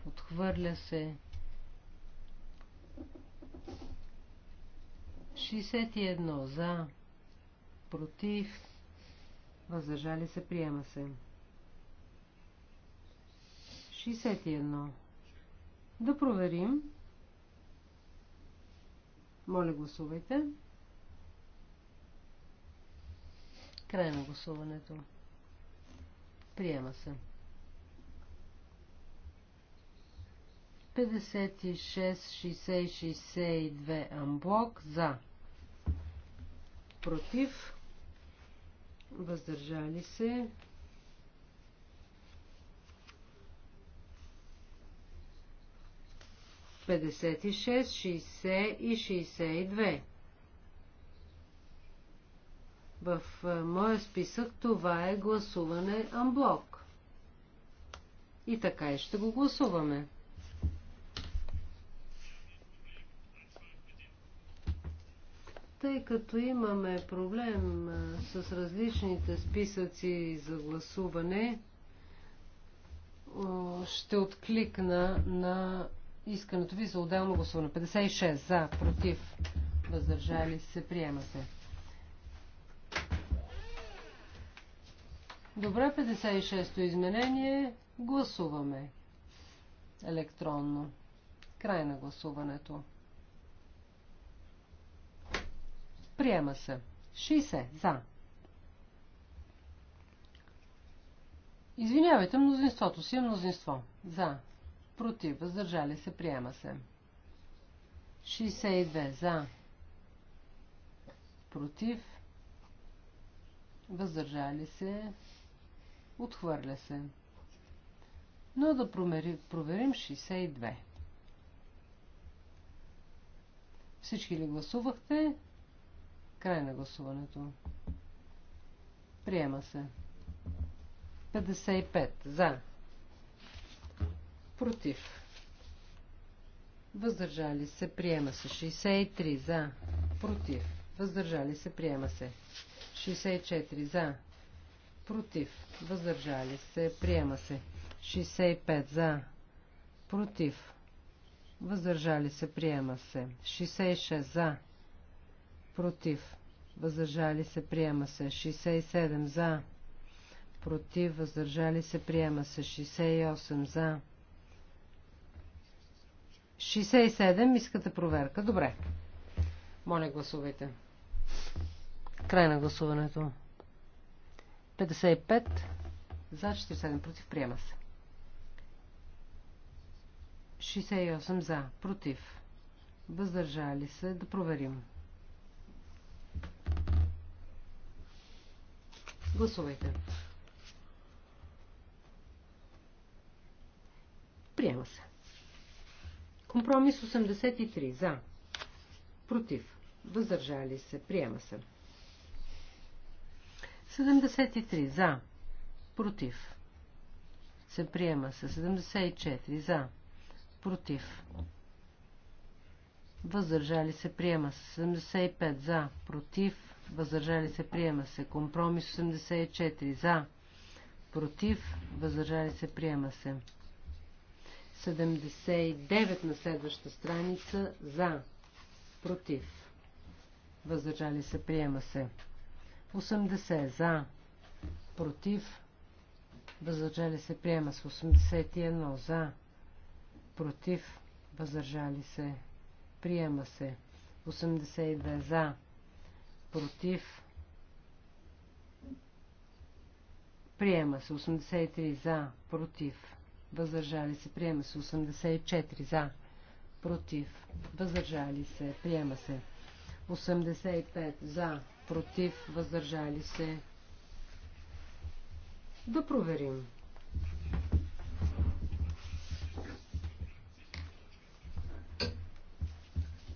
B: отхвърля се. 61 за, против, въздържали се, приема се. 61. Да проверим. Моля, гласувайте. Край на гласуването. Приема се. 56, 60, 62 амблок за. Против въздържали се. Петдесет и шест, шестьдесят и шестьдесят и две. В моя списък това е гласуване амблок. И така и ще го гласуваме. Тъй като имаме проблем с различните списъци за гласуване, ще откликна на искането ви за отделно гласуване. 56 за, против, въздържали се, приема се. Добре, 56-то изменение. Гласуваме електронно. Край на гласуването. Приема се. 60. За. Извинявайте, мнозинството си е мнозинство. За. Против. Въздържали се. Приема се. 62. За. Против. Въздържали се. Отхвърля се. Но да промери, проверим 62. Всички ли гласувахте? Край на гласуването. Приема се. 55. За. Против. Въздържали се. Приема се. 63. За. Против. Въздържали се. Приема се. 64. За. Против. Въздържали се. Приема се. 65. За. Против. Въздържали се. Приема се. 66. За против, въздържали се, приема се. 67 за, против, въздържали се, приема се. 68 за. 67 искате проверка. Добре. Моля, гласувайте. Край на гласуването. 55 за 47 против. Приема се. 68 за. Против. Въздържали се. Да проверим. Гласувайте. Приема се. Компромис 83. За. Против. Въздържали се. Приема се. 73. За. Против. Се приема се. 74. За. Против. Въздържали се. Приема се. 75. За. Против въздържали се, приема се. Компромис 84 за, против, въздържали се, приема се. 79 на следващата страница за, против, въздържали се, приема се. 80 за, против, въздържали се, приема се. 81 за, против, въздържали се, приема се. 82 за, против, приема се 83 за, против, въздържали се, приема се 84 за, против, въздържали се, приема се 85 за, против, въздържали се. Да проверим.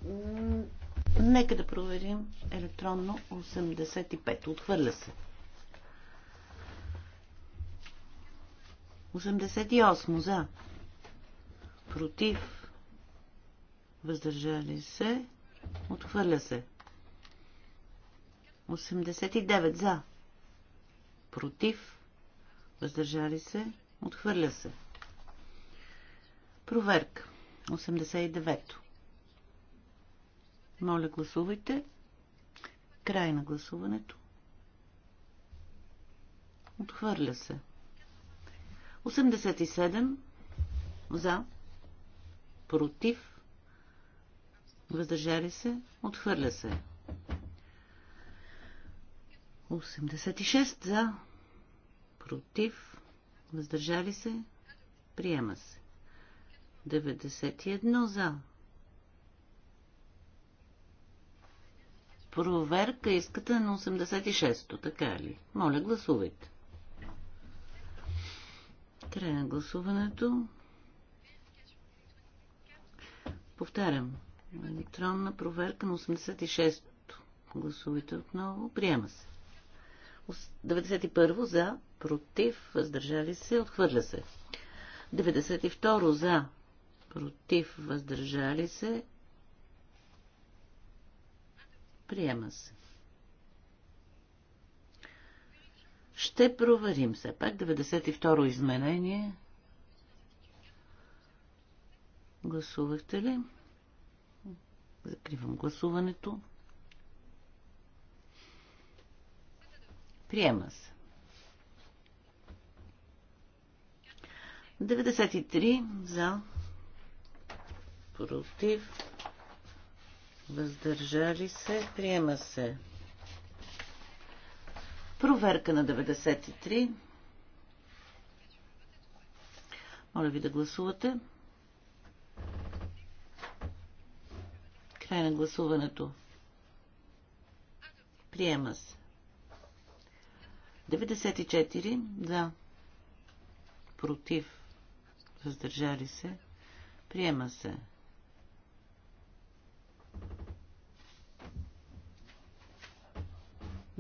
C: Mm. Нека да проверим електронно 85. Отхвърля се. 88 за. Против. Въздържали се. Отхвърля се. 89 за. Против. Въздържали се. Отхвърля се. Проверка. 89. Моля, гласувайте. Край на гласуването. Отхвърля се. 87 за, против, въздържали се, отхвърля се. 86 за, против, въздържали се, приема се. 91 за, Проверка искате на 86-то, така ли? Моля, гласувайте. Трябва на гласуването. Повтарям. Електронна проверка на 86-то. Гласувайте отново. Приема се. 91 за, против, въздържали се, отхвърля се. 92 за, против, въздържали се, Приема се. Ще проверим все пак. 92-ро изменение. Гласувахте ли? Закривам гласуването. Приема се. 93 за против Въздържали се. Приема се. Проверка на 93. Моля ви да гласувате. Край на гласуването. Приема се. 94 за. Против. Въздържали се. Приема се.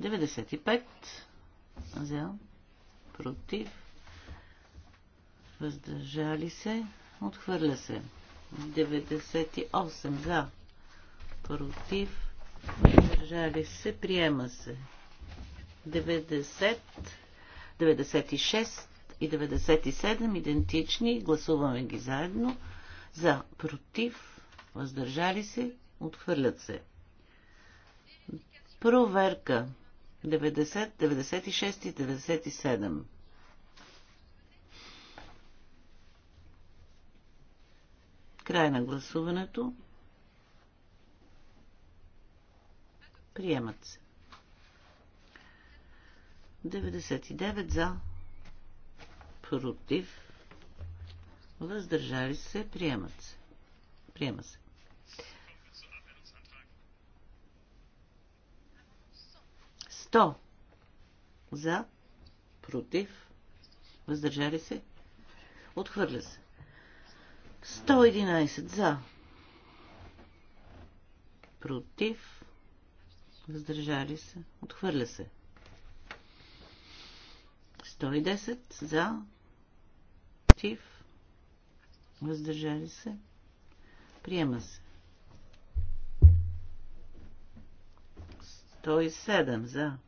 C: 95 за, против, въздържали се, отхвърля се. 98 за, против, въздържали се, приема се. 90, 96 и 97 идентични, гласуваме ги заедно. За, против, въздържали се, отхвърлят се. Проверка 90, 96 и 97. Край на гласуването. Приемат се. 99 за. Против. Въздържали се. Приемат се. Приема се. Защо? за, против, въздържали се, отхвърля се. 111 за, против, въздържали се, отхвърля се. 110 за, против, въздържали се, приема се. 107 за,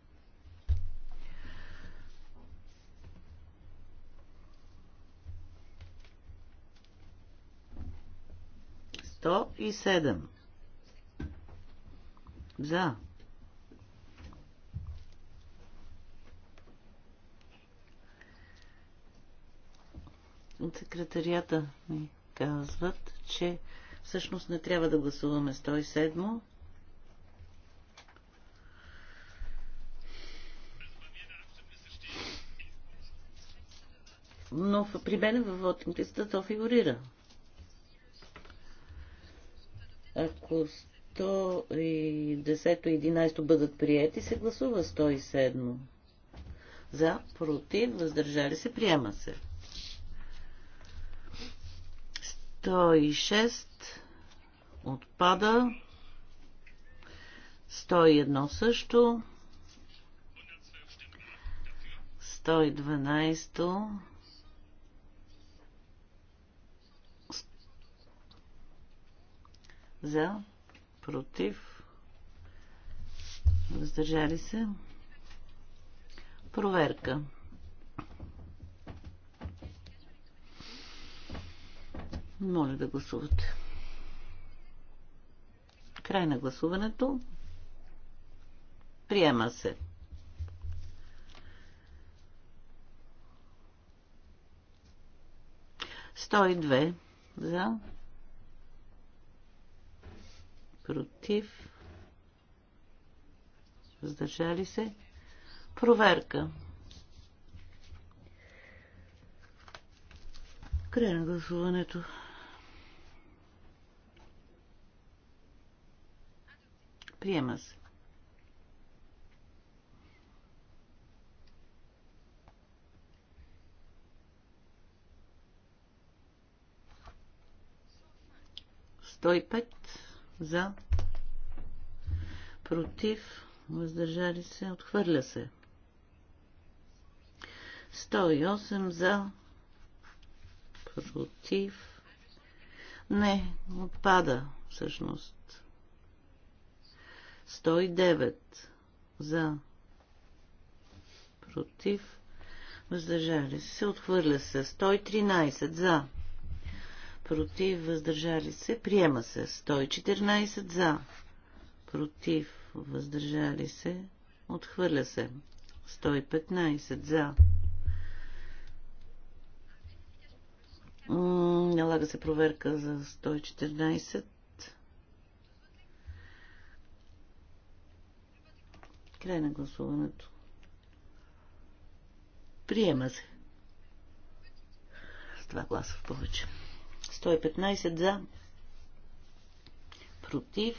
C: 107. За. От секретарията ми казват, че всъщност не трябва да гласуваме 107. Но при мен във вотните листа то фигурира. Ако 110 и 11 бъдат приети, се гласува 107. За, против, въздържали се, приема се. 106 отпада. 101 също. 112 За, против, въздържали се. Проверка. Моля да гласувате. Край на гласуването. Приема се. Стои две за против, въздържали се. Проверка. Край на гласуването. Приема се. Стой пет за, против, въздържали се, отхвърля се. 108 за, против, не, отпада всъщност. 109 за, против, въздържали се, отхвърля се. 113 за, против, въздържали се, приема се. 114 за, против, въздържали се, отхвърля се. 115 за. Налага се проверка за 114. Край на гласуването. Приема се. С два гласа в повече. 115 за, против,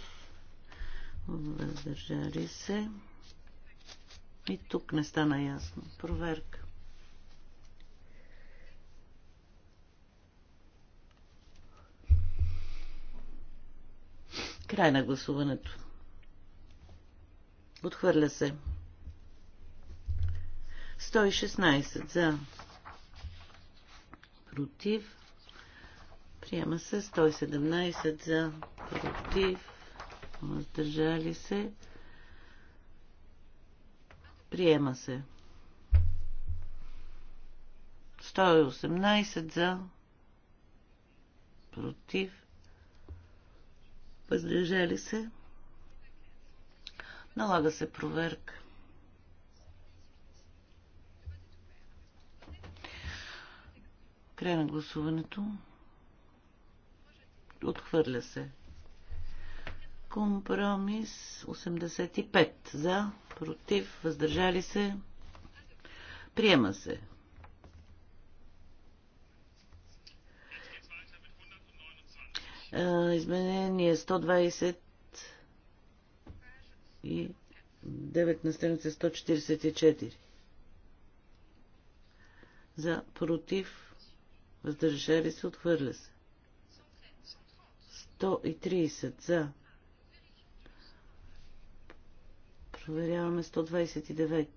C: въздържали се. И тук не стана ясно. Проверка. Край на гласуването. Отхвърля се. 116 за. Против. Приема се 117 за против. Въздържали се. Приема се. 118 за против. Въздържали се. Налага се проверка. Край на гласуването. Отхвърля се. Компромис 85 за, против, въздържали се. Приема се. Изменение 120 и 9 на страница 144. За, против, въздържали се, отхвърля се. 130 за. Проверяваме 129.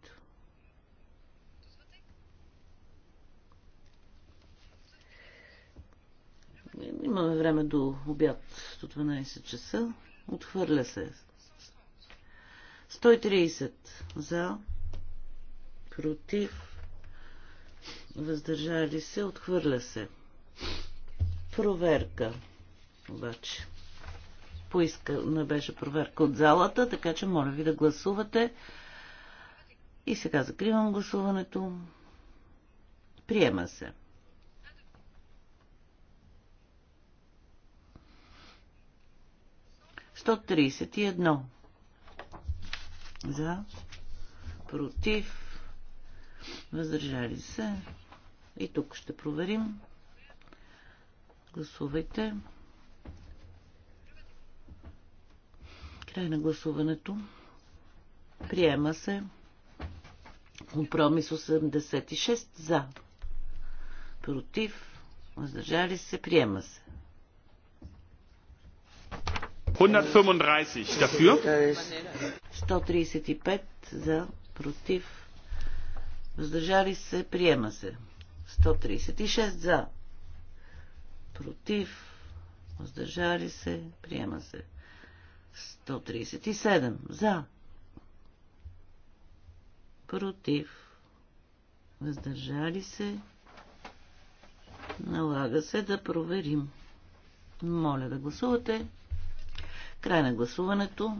C: Имаме време до обяд до 12 часа. Отхвърля се. 130 за. Против. Въздържали се. Отхвърля се. Проверка обаче. поиска не беше проверка от залата, така че моля ви да гласувате. И сега закривам гласуването. Приема се. Сто и едно. За. Против. Въздържали се. И тук ще проверим. Гласувайте. Гласувайте. Край на гласуването. Приема се. Компромис 86 за. Против. Въздържали се. Приема се.
E: 135 dafür.
C: 135 за. Против. Въздържали се. Приема се. 136 за. Против. Въздържали се. Приема се. 137 за. Против. Въздържали се. Налага се да проверим. Моля да гласувате. Край на гласуването.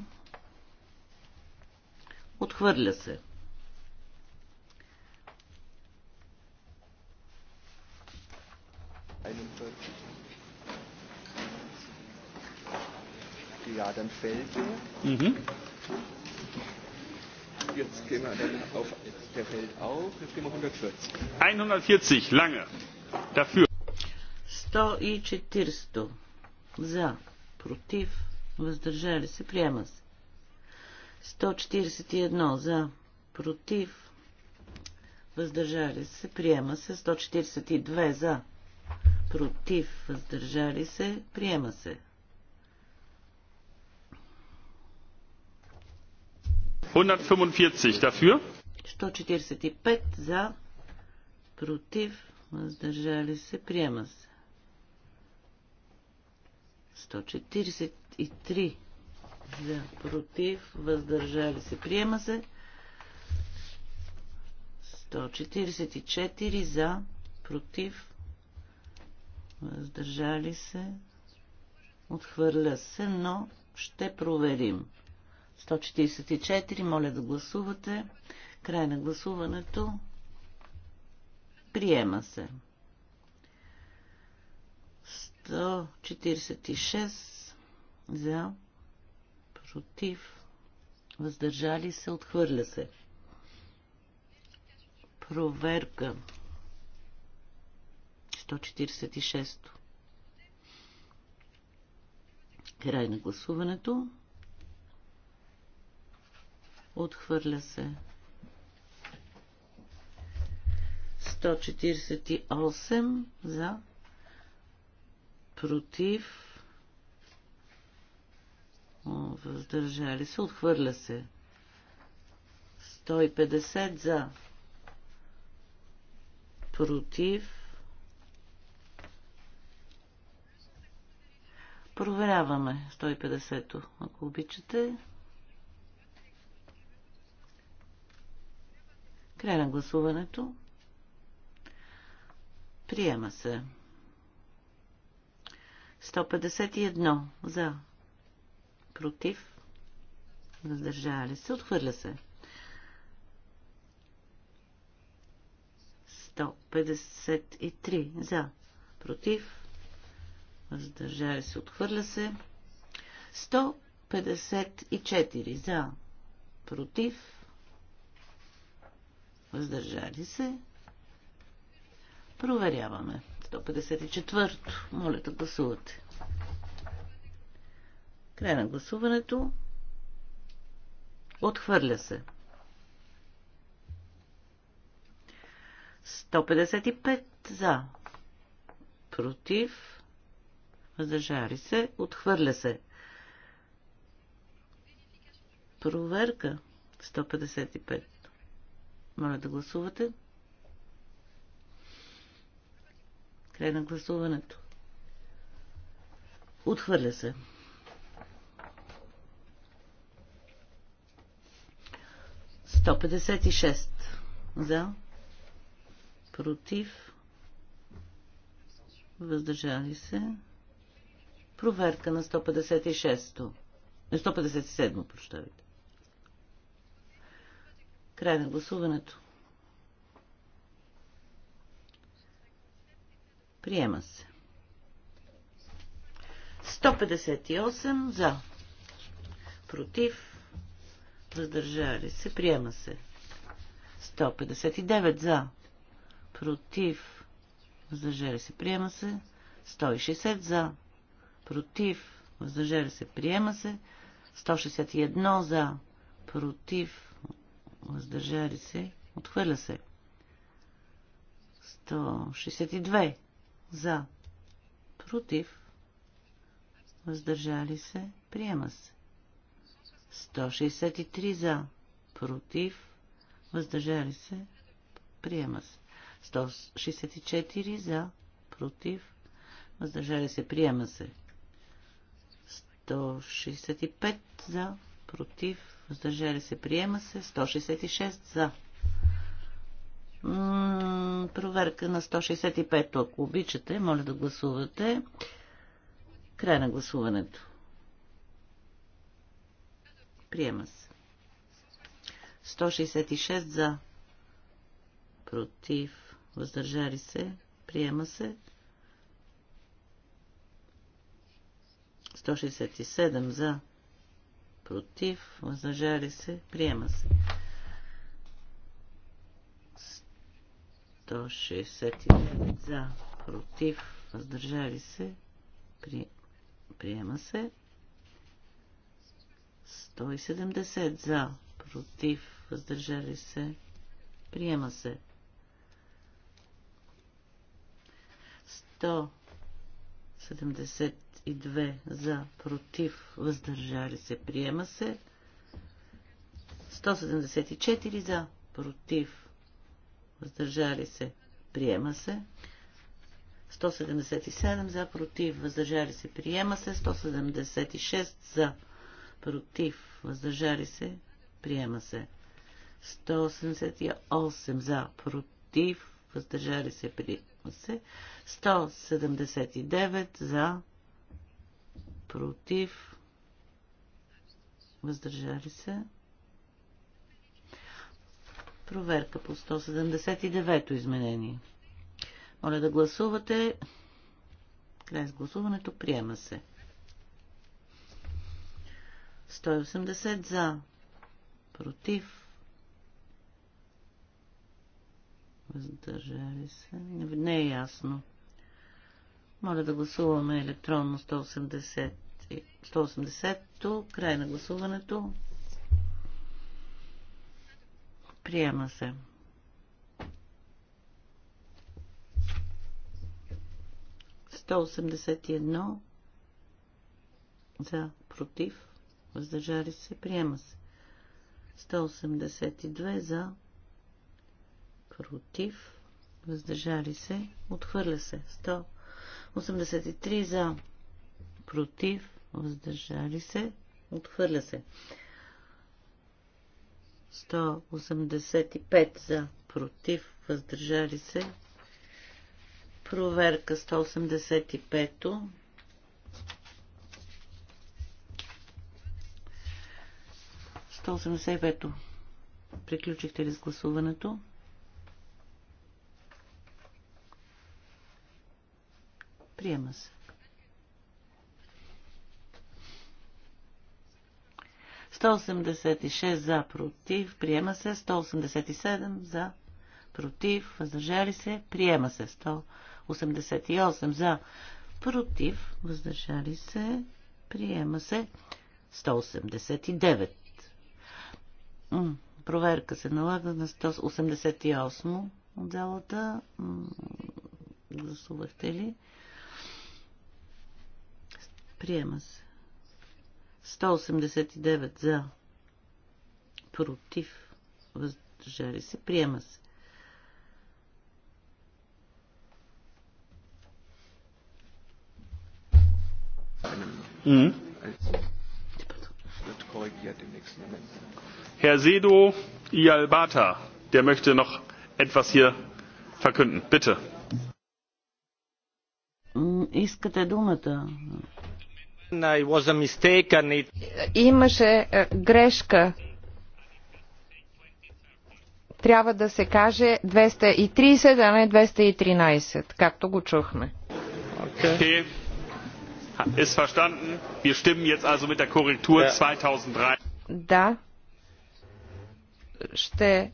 C: Отхвърля се.
E: Ja, dann fällt der. Mhm. Jetzt gehen wir dann auf, der fällt auf, jetzt gehen wir 140. 140, lange. Dafür.
C: 140. За. Против. Въздържали се. Приема се. 141. За. Против. Въздържали се. Приема се. 142. За. Против. Въздържали се. Приема се.
E: 145 dafür.
C: 145 за, против, въздържали се, приема се. 143 за, против, въздържали се, приема се. 144 за, против, въздържали се, отхвърля се, но ще проверим. 144. Моля да гласувате. Край на гласуването. Приема се. 146 за, против, въздържали се, отхвърля се. Проверка. 146. Край на гласуването. Отхвърля се. 148 за. Против. Въздържали се. Отхвърля се. 150 за. Против. Проверяваме 150-то, ако обичате. Край на гласуването. Приема се. 151 за. Против. Въздържали се. Отхвърля се. 153 за. Против. Въздържали се. Отхвърля се. 154 за. Против Въздържали се. Проверяваме. 154-то. Моля да гласувате. Край на гласуването. Отхвърля се. 155 за. Против. Въздържали се. Отхвърля се. Проверка. 155. Моля да гласувате. Край на гласуването. Отхвърля се. Сто пятьдесят и шест. За. Против. Въздържали се. Проверка на 156-то. 157-то, прощавайте. Край на гласуването. Приема се. 158 за. Против. Въздържали се. Приема се. 159 за. Против. Въздържали се. Приема се. 160 за. Против. Въздържали се. Приема се. 161 за. Против въздържали се, отхвърля се. 162 за, против, въздържали се, приема се. 163 за, против, въздържали се, приема се. 164 за, против, въздържали се, приема се. 165 за, против, въздържали се, приема се. 166 за. М проверка на 165, ако обичате, моля да гласувате. Край на гласуването. Приема се. 166 за. Против. Въздържали се. Приема се. 167 за против, въздържали се, приема се. 169 за, против, въздържали се, при... приема се. 170 за, против, въздържали се, приема се. 171 102 за, против, въздържали се, приема се. 174 за, против, въздържали се, приема се. 177 за, против, въздържали се, приема се. 176 за, против, въздържали се, приема се. 178 за, против, въздържали се, приема се. 179 за, против, въздържали се. Проверка по 179-то изменение. Моля да гласувате. Край с гласуването. Приема се. 180 за. Против. Въздържали се. Не е ясно. Моля да гласуваме електронно 180. 180-то. Край на гласуването. Приема се. Сто за против. Въздържали се. Приема се. 182 за против. Въздържали се. Отхвърля се. 100. 83 за. Против. Въздържали се. Отхвърля се. 185 за. Против. Въздържали се. Проверка 185-то. Приключихте ли с гласуването? Приема се. 186 за, против, приема се. 187 за, против, въздържали се, приема се. 188 за, против, въздържали се, приема се. 189. проверка се налага на 188 от залата. Гласувахте ли? Приема се. 189 за. Против. Въздържали се. Приема се.
E: Mhm. Herr Sedo Ialbata, der möchte noch etwas hier verkünden. Bitte.
C: Искате думата?
D: Имаше е, грешка. Трябва да се каже 230, а не 213, както го чухме.
E: Okay. Ist verstanden. Wir stimmen jetzt also mit der Korrektur 2003.
D: Да. Ще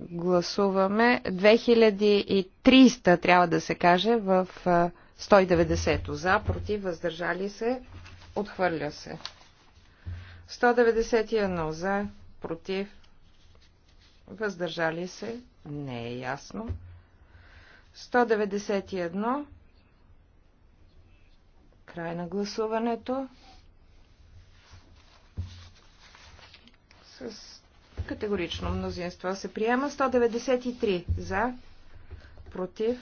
D: гласуваме 2300 трябва да се каже в е, 190 за, против, въздържали се, отхвърля се. 191 за, против, въздържали се, не е ясно. 191, край на гласуването, с категорично мнозинство се приема. 193 за, против,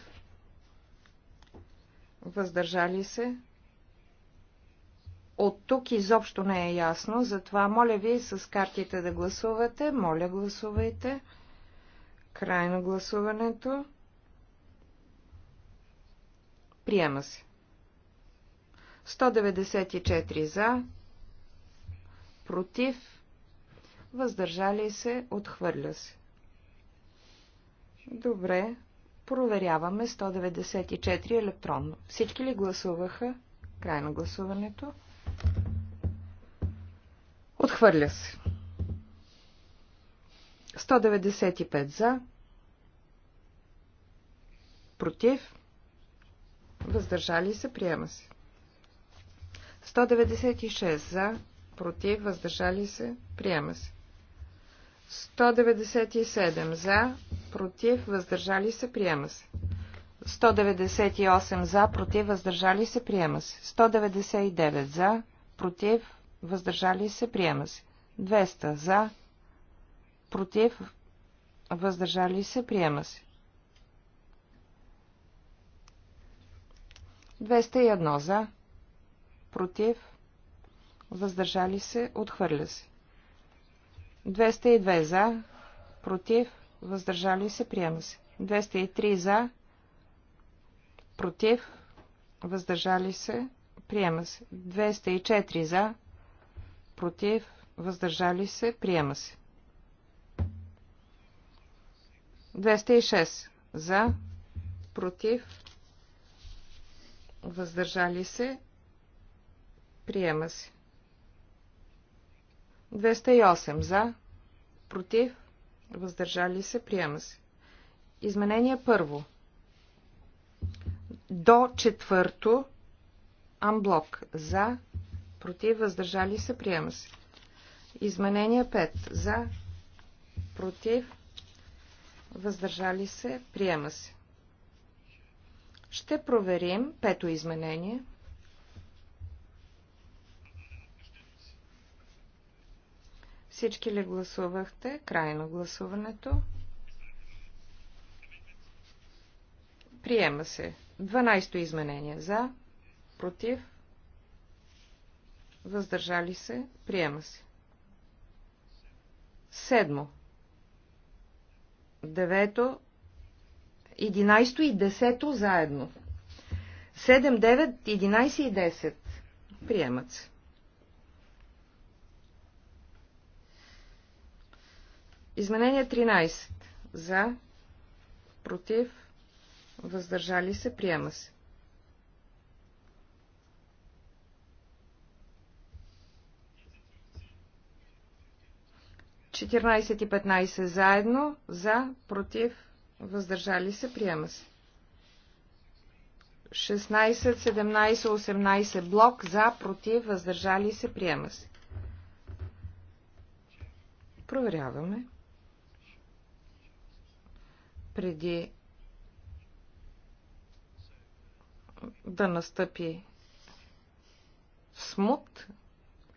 D: въздържали се. От тук изобщо не е ясно, затова моля ви с картите да гласувате. Моля, гласувайте. Край на гласуването. Приема се. 194 за, против, въздържали се, отхвърля се. Добре, Проверяваме 194 електронно. Всички ли гласуваха? Край на гласуването. Отхвърля се. 195 за. Против. Въздържали се. Приема се. 196 за. Против. Въздържали се. Приема се. 197 за против, въздържали се, приема се. 198 за, против, въздържали се, приема се. 199 за, против, въздържали се, приема се. 200 за, против, въздържали се, приема се. 201 за, против, въздържали се, отхвърля се. 202 за, против, въздържали се, приема се. 203 за, против, въздържали се, приема се. 204 за, против, въздържали се, приема се. 206 за, против, въздържали се, приема се. 208 за, против, въздържали се, приема се. Изменение първо. До четвърто амблок. За, против, въздържали се, приема се. Изменение 5. За, против, въздържали се, приема се. Ще проверим пето изменение. Всички ли гласувахте? Край на гласуването. Приема се. 12-то изменение. За. Против. Въздържали се. Приема се. Седмо. Девето. Единайсто и десето заедно. Седем, девет, единайси и десет. Приемат се. Изменение 13. За, против, въздържали се, приема се. Четирнайсет и 15 заедно, за, против, въздържали се, приема се. 16, 17, 18 блок, за, против, въздържали се, приема се. Проверяваме преди да настъпи смут,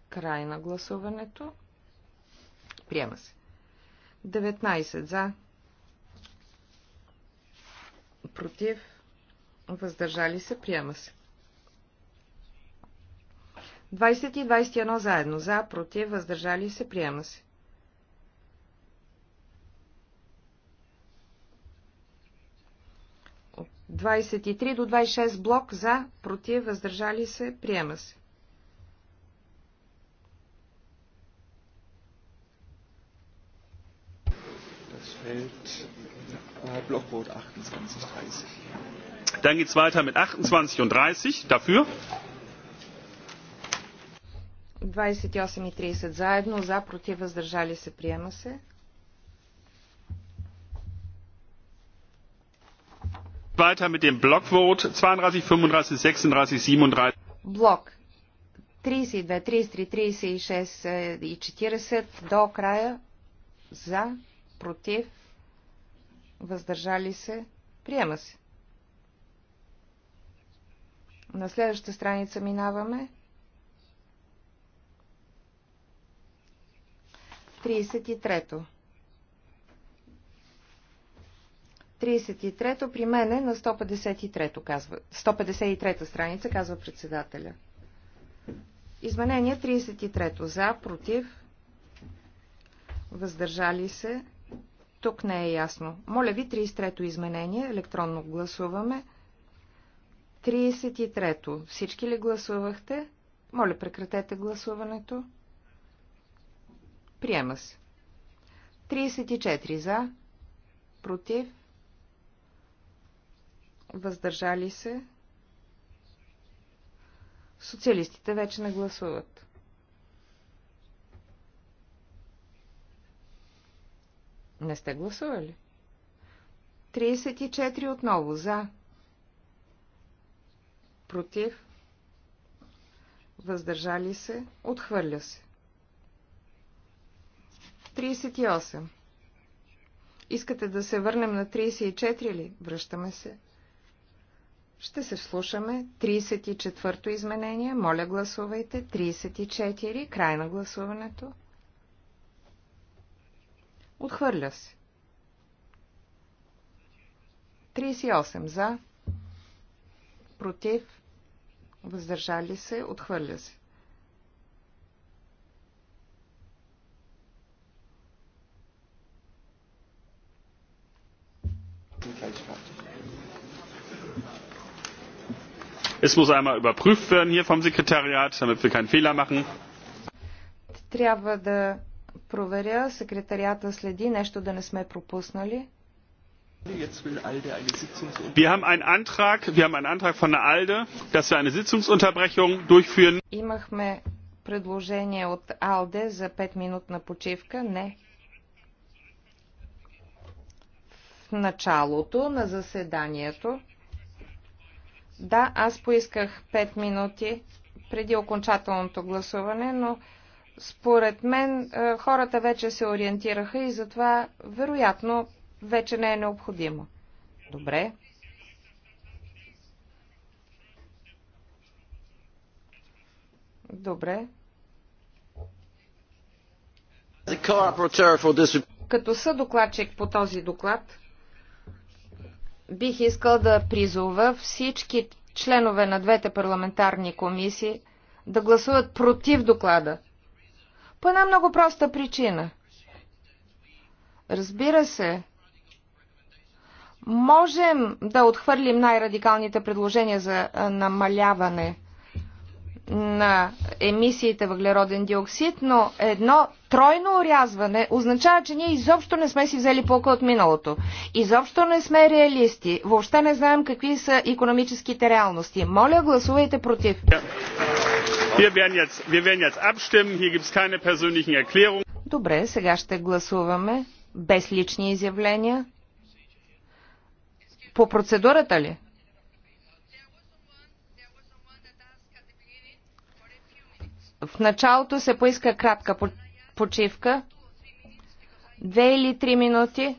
D: край на гласуването. Приема се. 19 за, против, въздържали се, приема се. 20 и 21 заедно, за, против, въздържали се, приема се. 23 до 26 блок за, против, въздържали се, приема се.
E: Äh, Dann geht es weiter mit 28 und 30. Dafür?
D: 28 и 30 заедно, за, против, въздържали се, приема се.
E: Weiter mit dem Blockvote 32, 35, 36, 37.
D: Блок 32, 33, 36 и 40 е, до края за, против, въздържали се, приема се. На следващата страница минаваме. 33. то 33-то при мен е на 153-то, казва. 153-та страница, казва председателя. Изменение 33-то. За, против, въздържали се. Тук не е ясно. Моля ви, 33-то изменение, електронно гласуваме. 33-то. Всички ли гласувахте? Моля, прекратете гласуването. Приема се. 34 за, против, въздържали се. Социалистите вече не гласуват. Не сте гласували. 34 отново за. Против. Въздържали се. Отхвърля се. 38. Искате да се върнем на 34 ли? Връщаме се. Ще се слушаме. 34-то изменение. Моля, гласувайте. 34. Край на гласуването. Отхвърля се. 38 за. Против. Въздържали се. Отхвърля се.
E: Thank you. Es muss einmal überprüft werden hier vom Sekretariat, damit wir keinen Fehler machen.
D: Трябва да проверя, секретарията следи нещо да не сме пропуснали.
E: Wir haben einen Antrag, wir haben einen Antrag von der ALDE, dass wir eine Sitzungsunterbrechung durchführen.
D: Имахме предложение от АЛДЕ за 5 минутна почивка. Не. В началото на заседанието да, аз поисках 5 минути преди окончателното гласуване, но според мен е, хората вече се ориентираха и затова вероятно вече не е необходимо. Добре. Добре. Като съдокладчик по този доклад, бих искал да призова всички членове на двете парламентарни комисии да гласуват против доклада. По една много проста причина. Разбира се, можем да отхвърлим най-радикалните предложения за намаляване на емисиите въглероден диоксид, но едно тройно орязване означава, че ние изобщо не сме си взели полка от миналото. Изобщо не сме реалисти. Въобще не знаем какви са економическите реалности. Моля, гласувайте против. Добре, сега ще гласуваме без лични изявления. По процедурата ли? В началото се поиска кратка почивка. Две или три минути.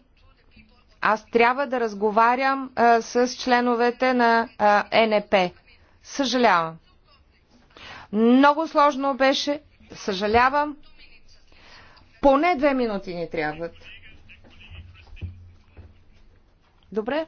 D: Аз трябва да разговарям а, с членовете на а, НП. Съжалявам. Много сложно беше. Съжалявам. Поне две минути ни трябват. Добре.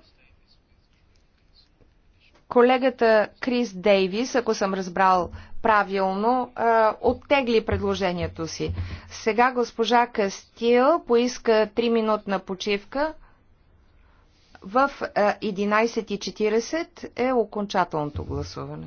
D: Колегата Крис Дейвис, ако съм разбрал правилно а, оттегли предложението си. Сега госпожа Кастил поиска 3-минутна почивка. В 11.40 е окончателното гласуване.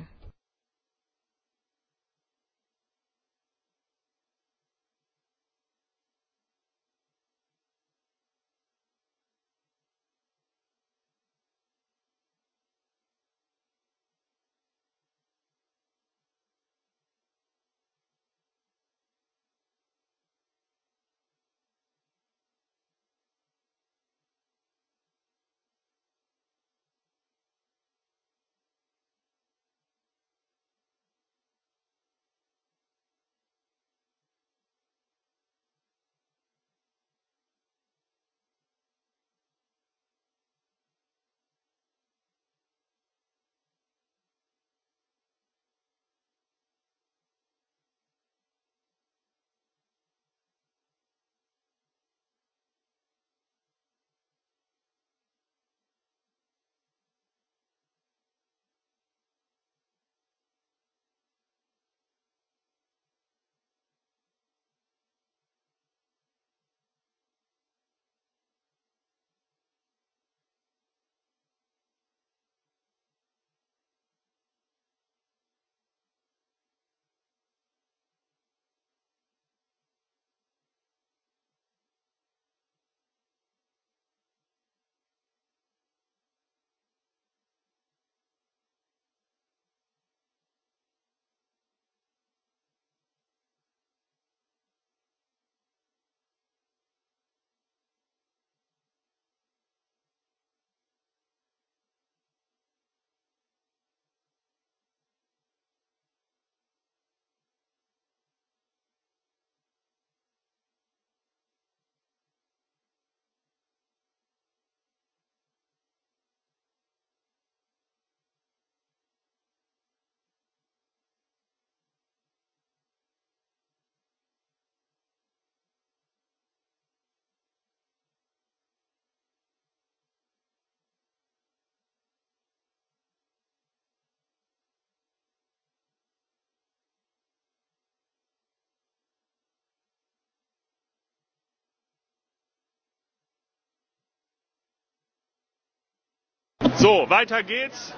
E: So, weiter geht's.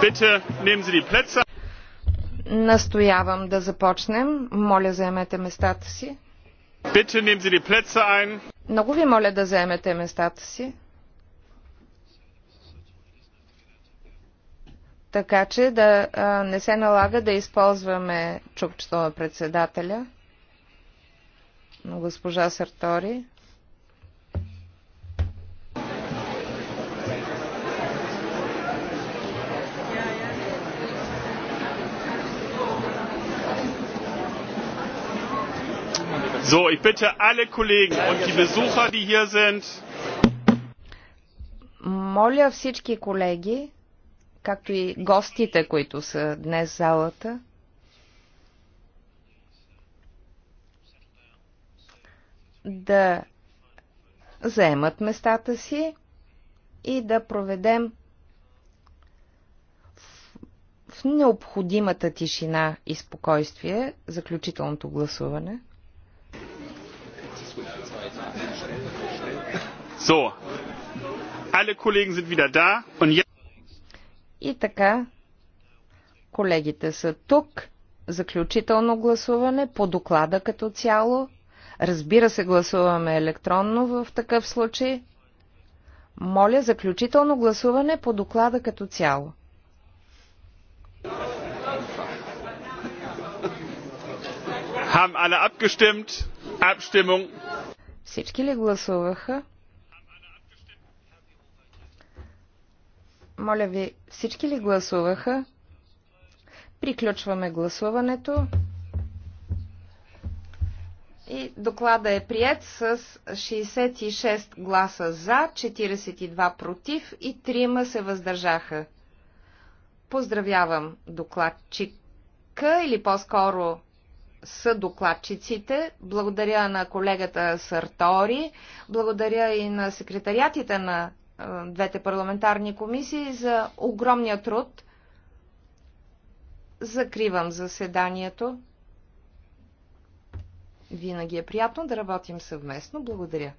E: Bitte nehmen Sie die Plätze.
D: Настоявам да започнем. Моля, заемете местата си.
E: Bitte nehmen Sie die Plätze ein.
D: Много ви моля да заемете местата си. Така че да а, не се налага да използваме чукчето на председателя, на госпожа Сартори.
E: So, ich bitte alle Kollegen und die Besucher, die hier sind.
D: Моля всички колеги, както и гостите, които са днес в залата, да заемат местата си и да проведем в необходимата тишина и спокойствие заключителното гласуване.
E: So, alle Kollegen sind wieder da und jetzt... И така, колегите
D: са тук. Заключително гласуване по доклада като цяло. Разбира се, гласуваме електронно в такъв случай. Моля, заключително гласуване по доклада като цяло. Всички ли гласуваха? Моля ви, всички ли гласуваха? Приключваме гласуването. И доклада е прият с 66 гласа за, 42 против и 3 се въздържаха. Поздравявам докладчика или по-скоро са докладчиците. Благодаря на колегата Сартори, благодаря и на секретариатите на двете парламентарни комисии за огромния труд. Закривам заседанието. Винаги е приятно да работим съвместно. Благодаря.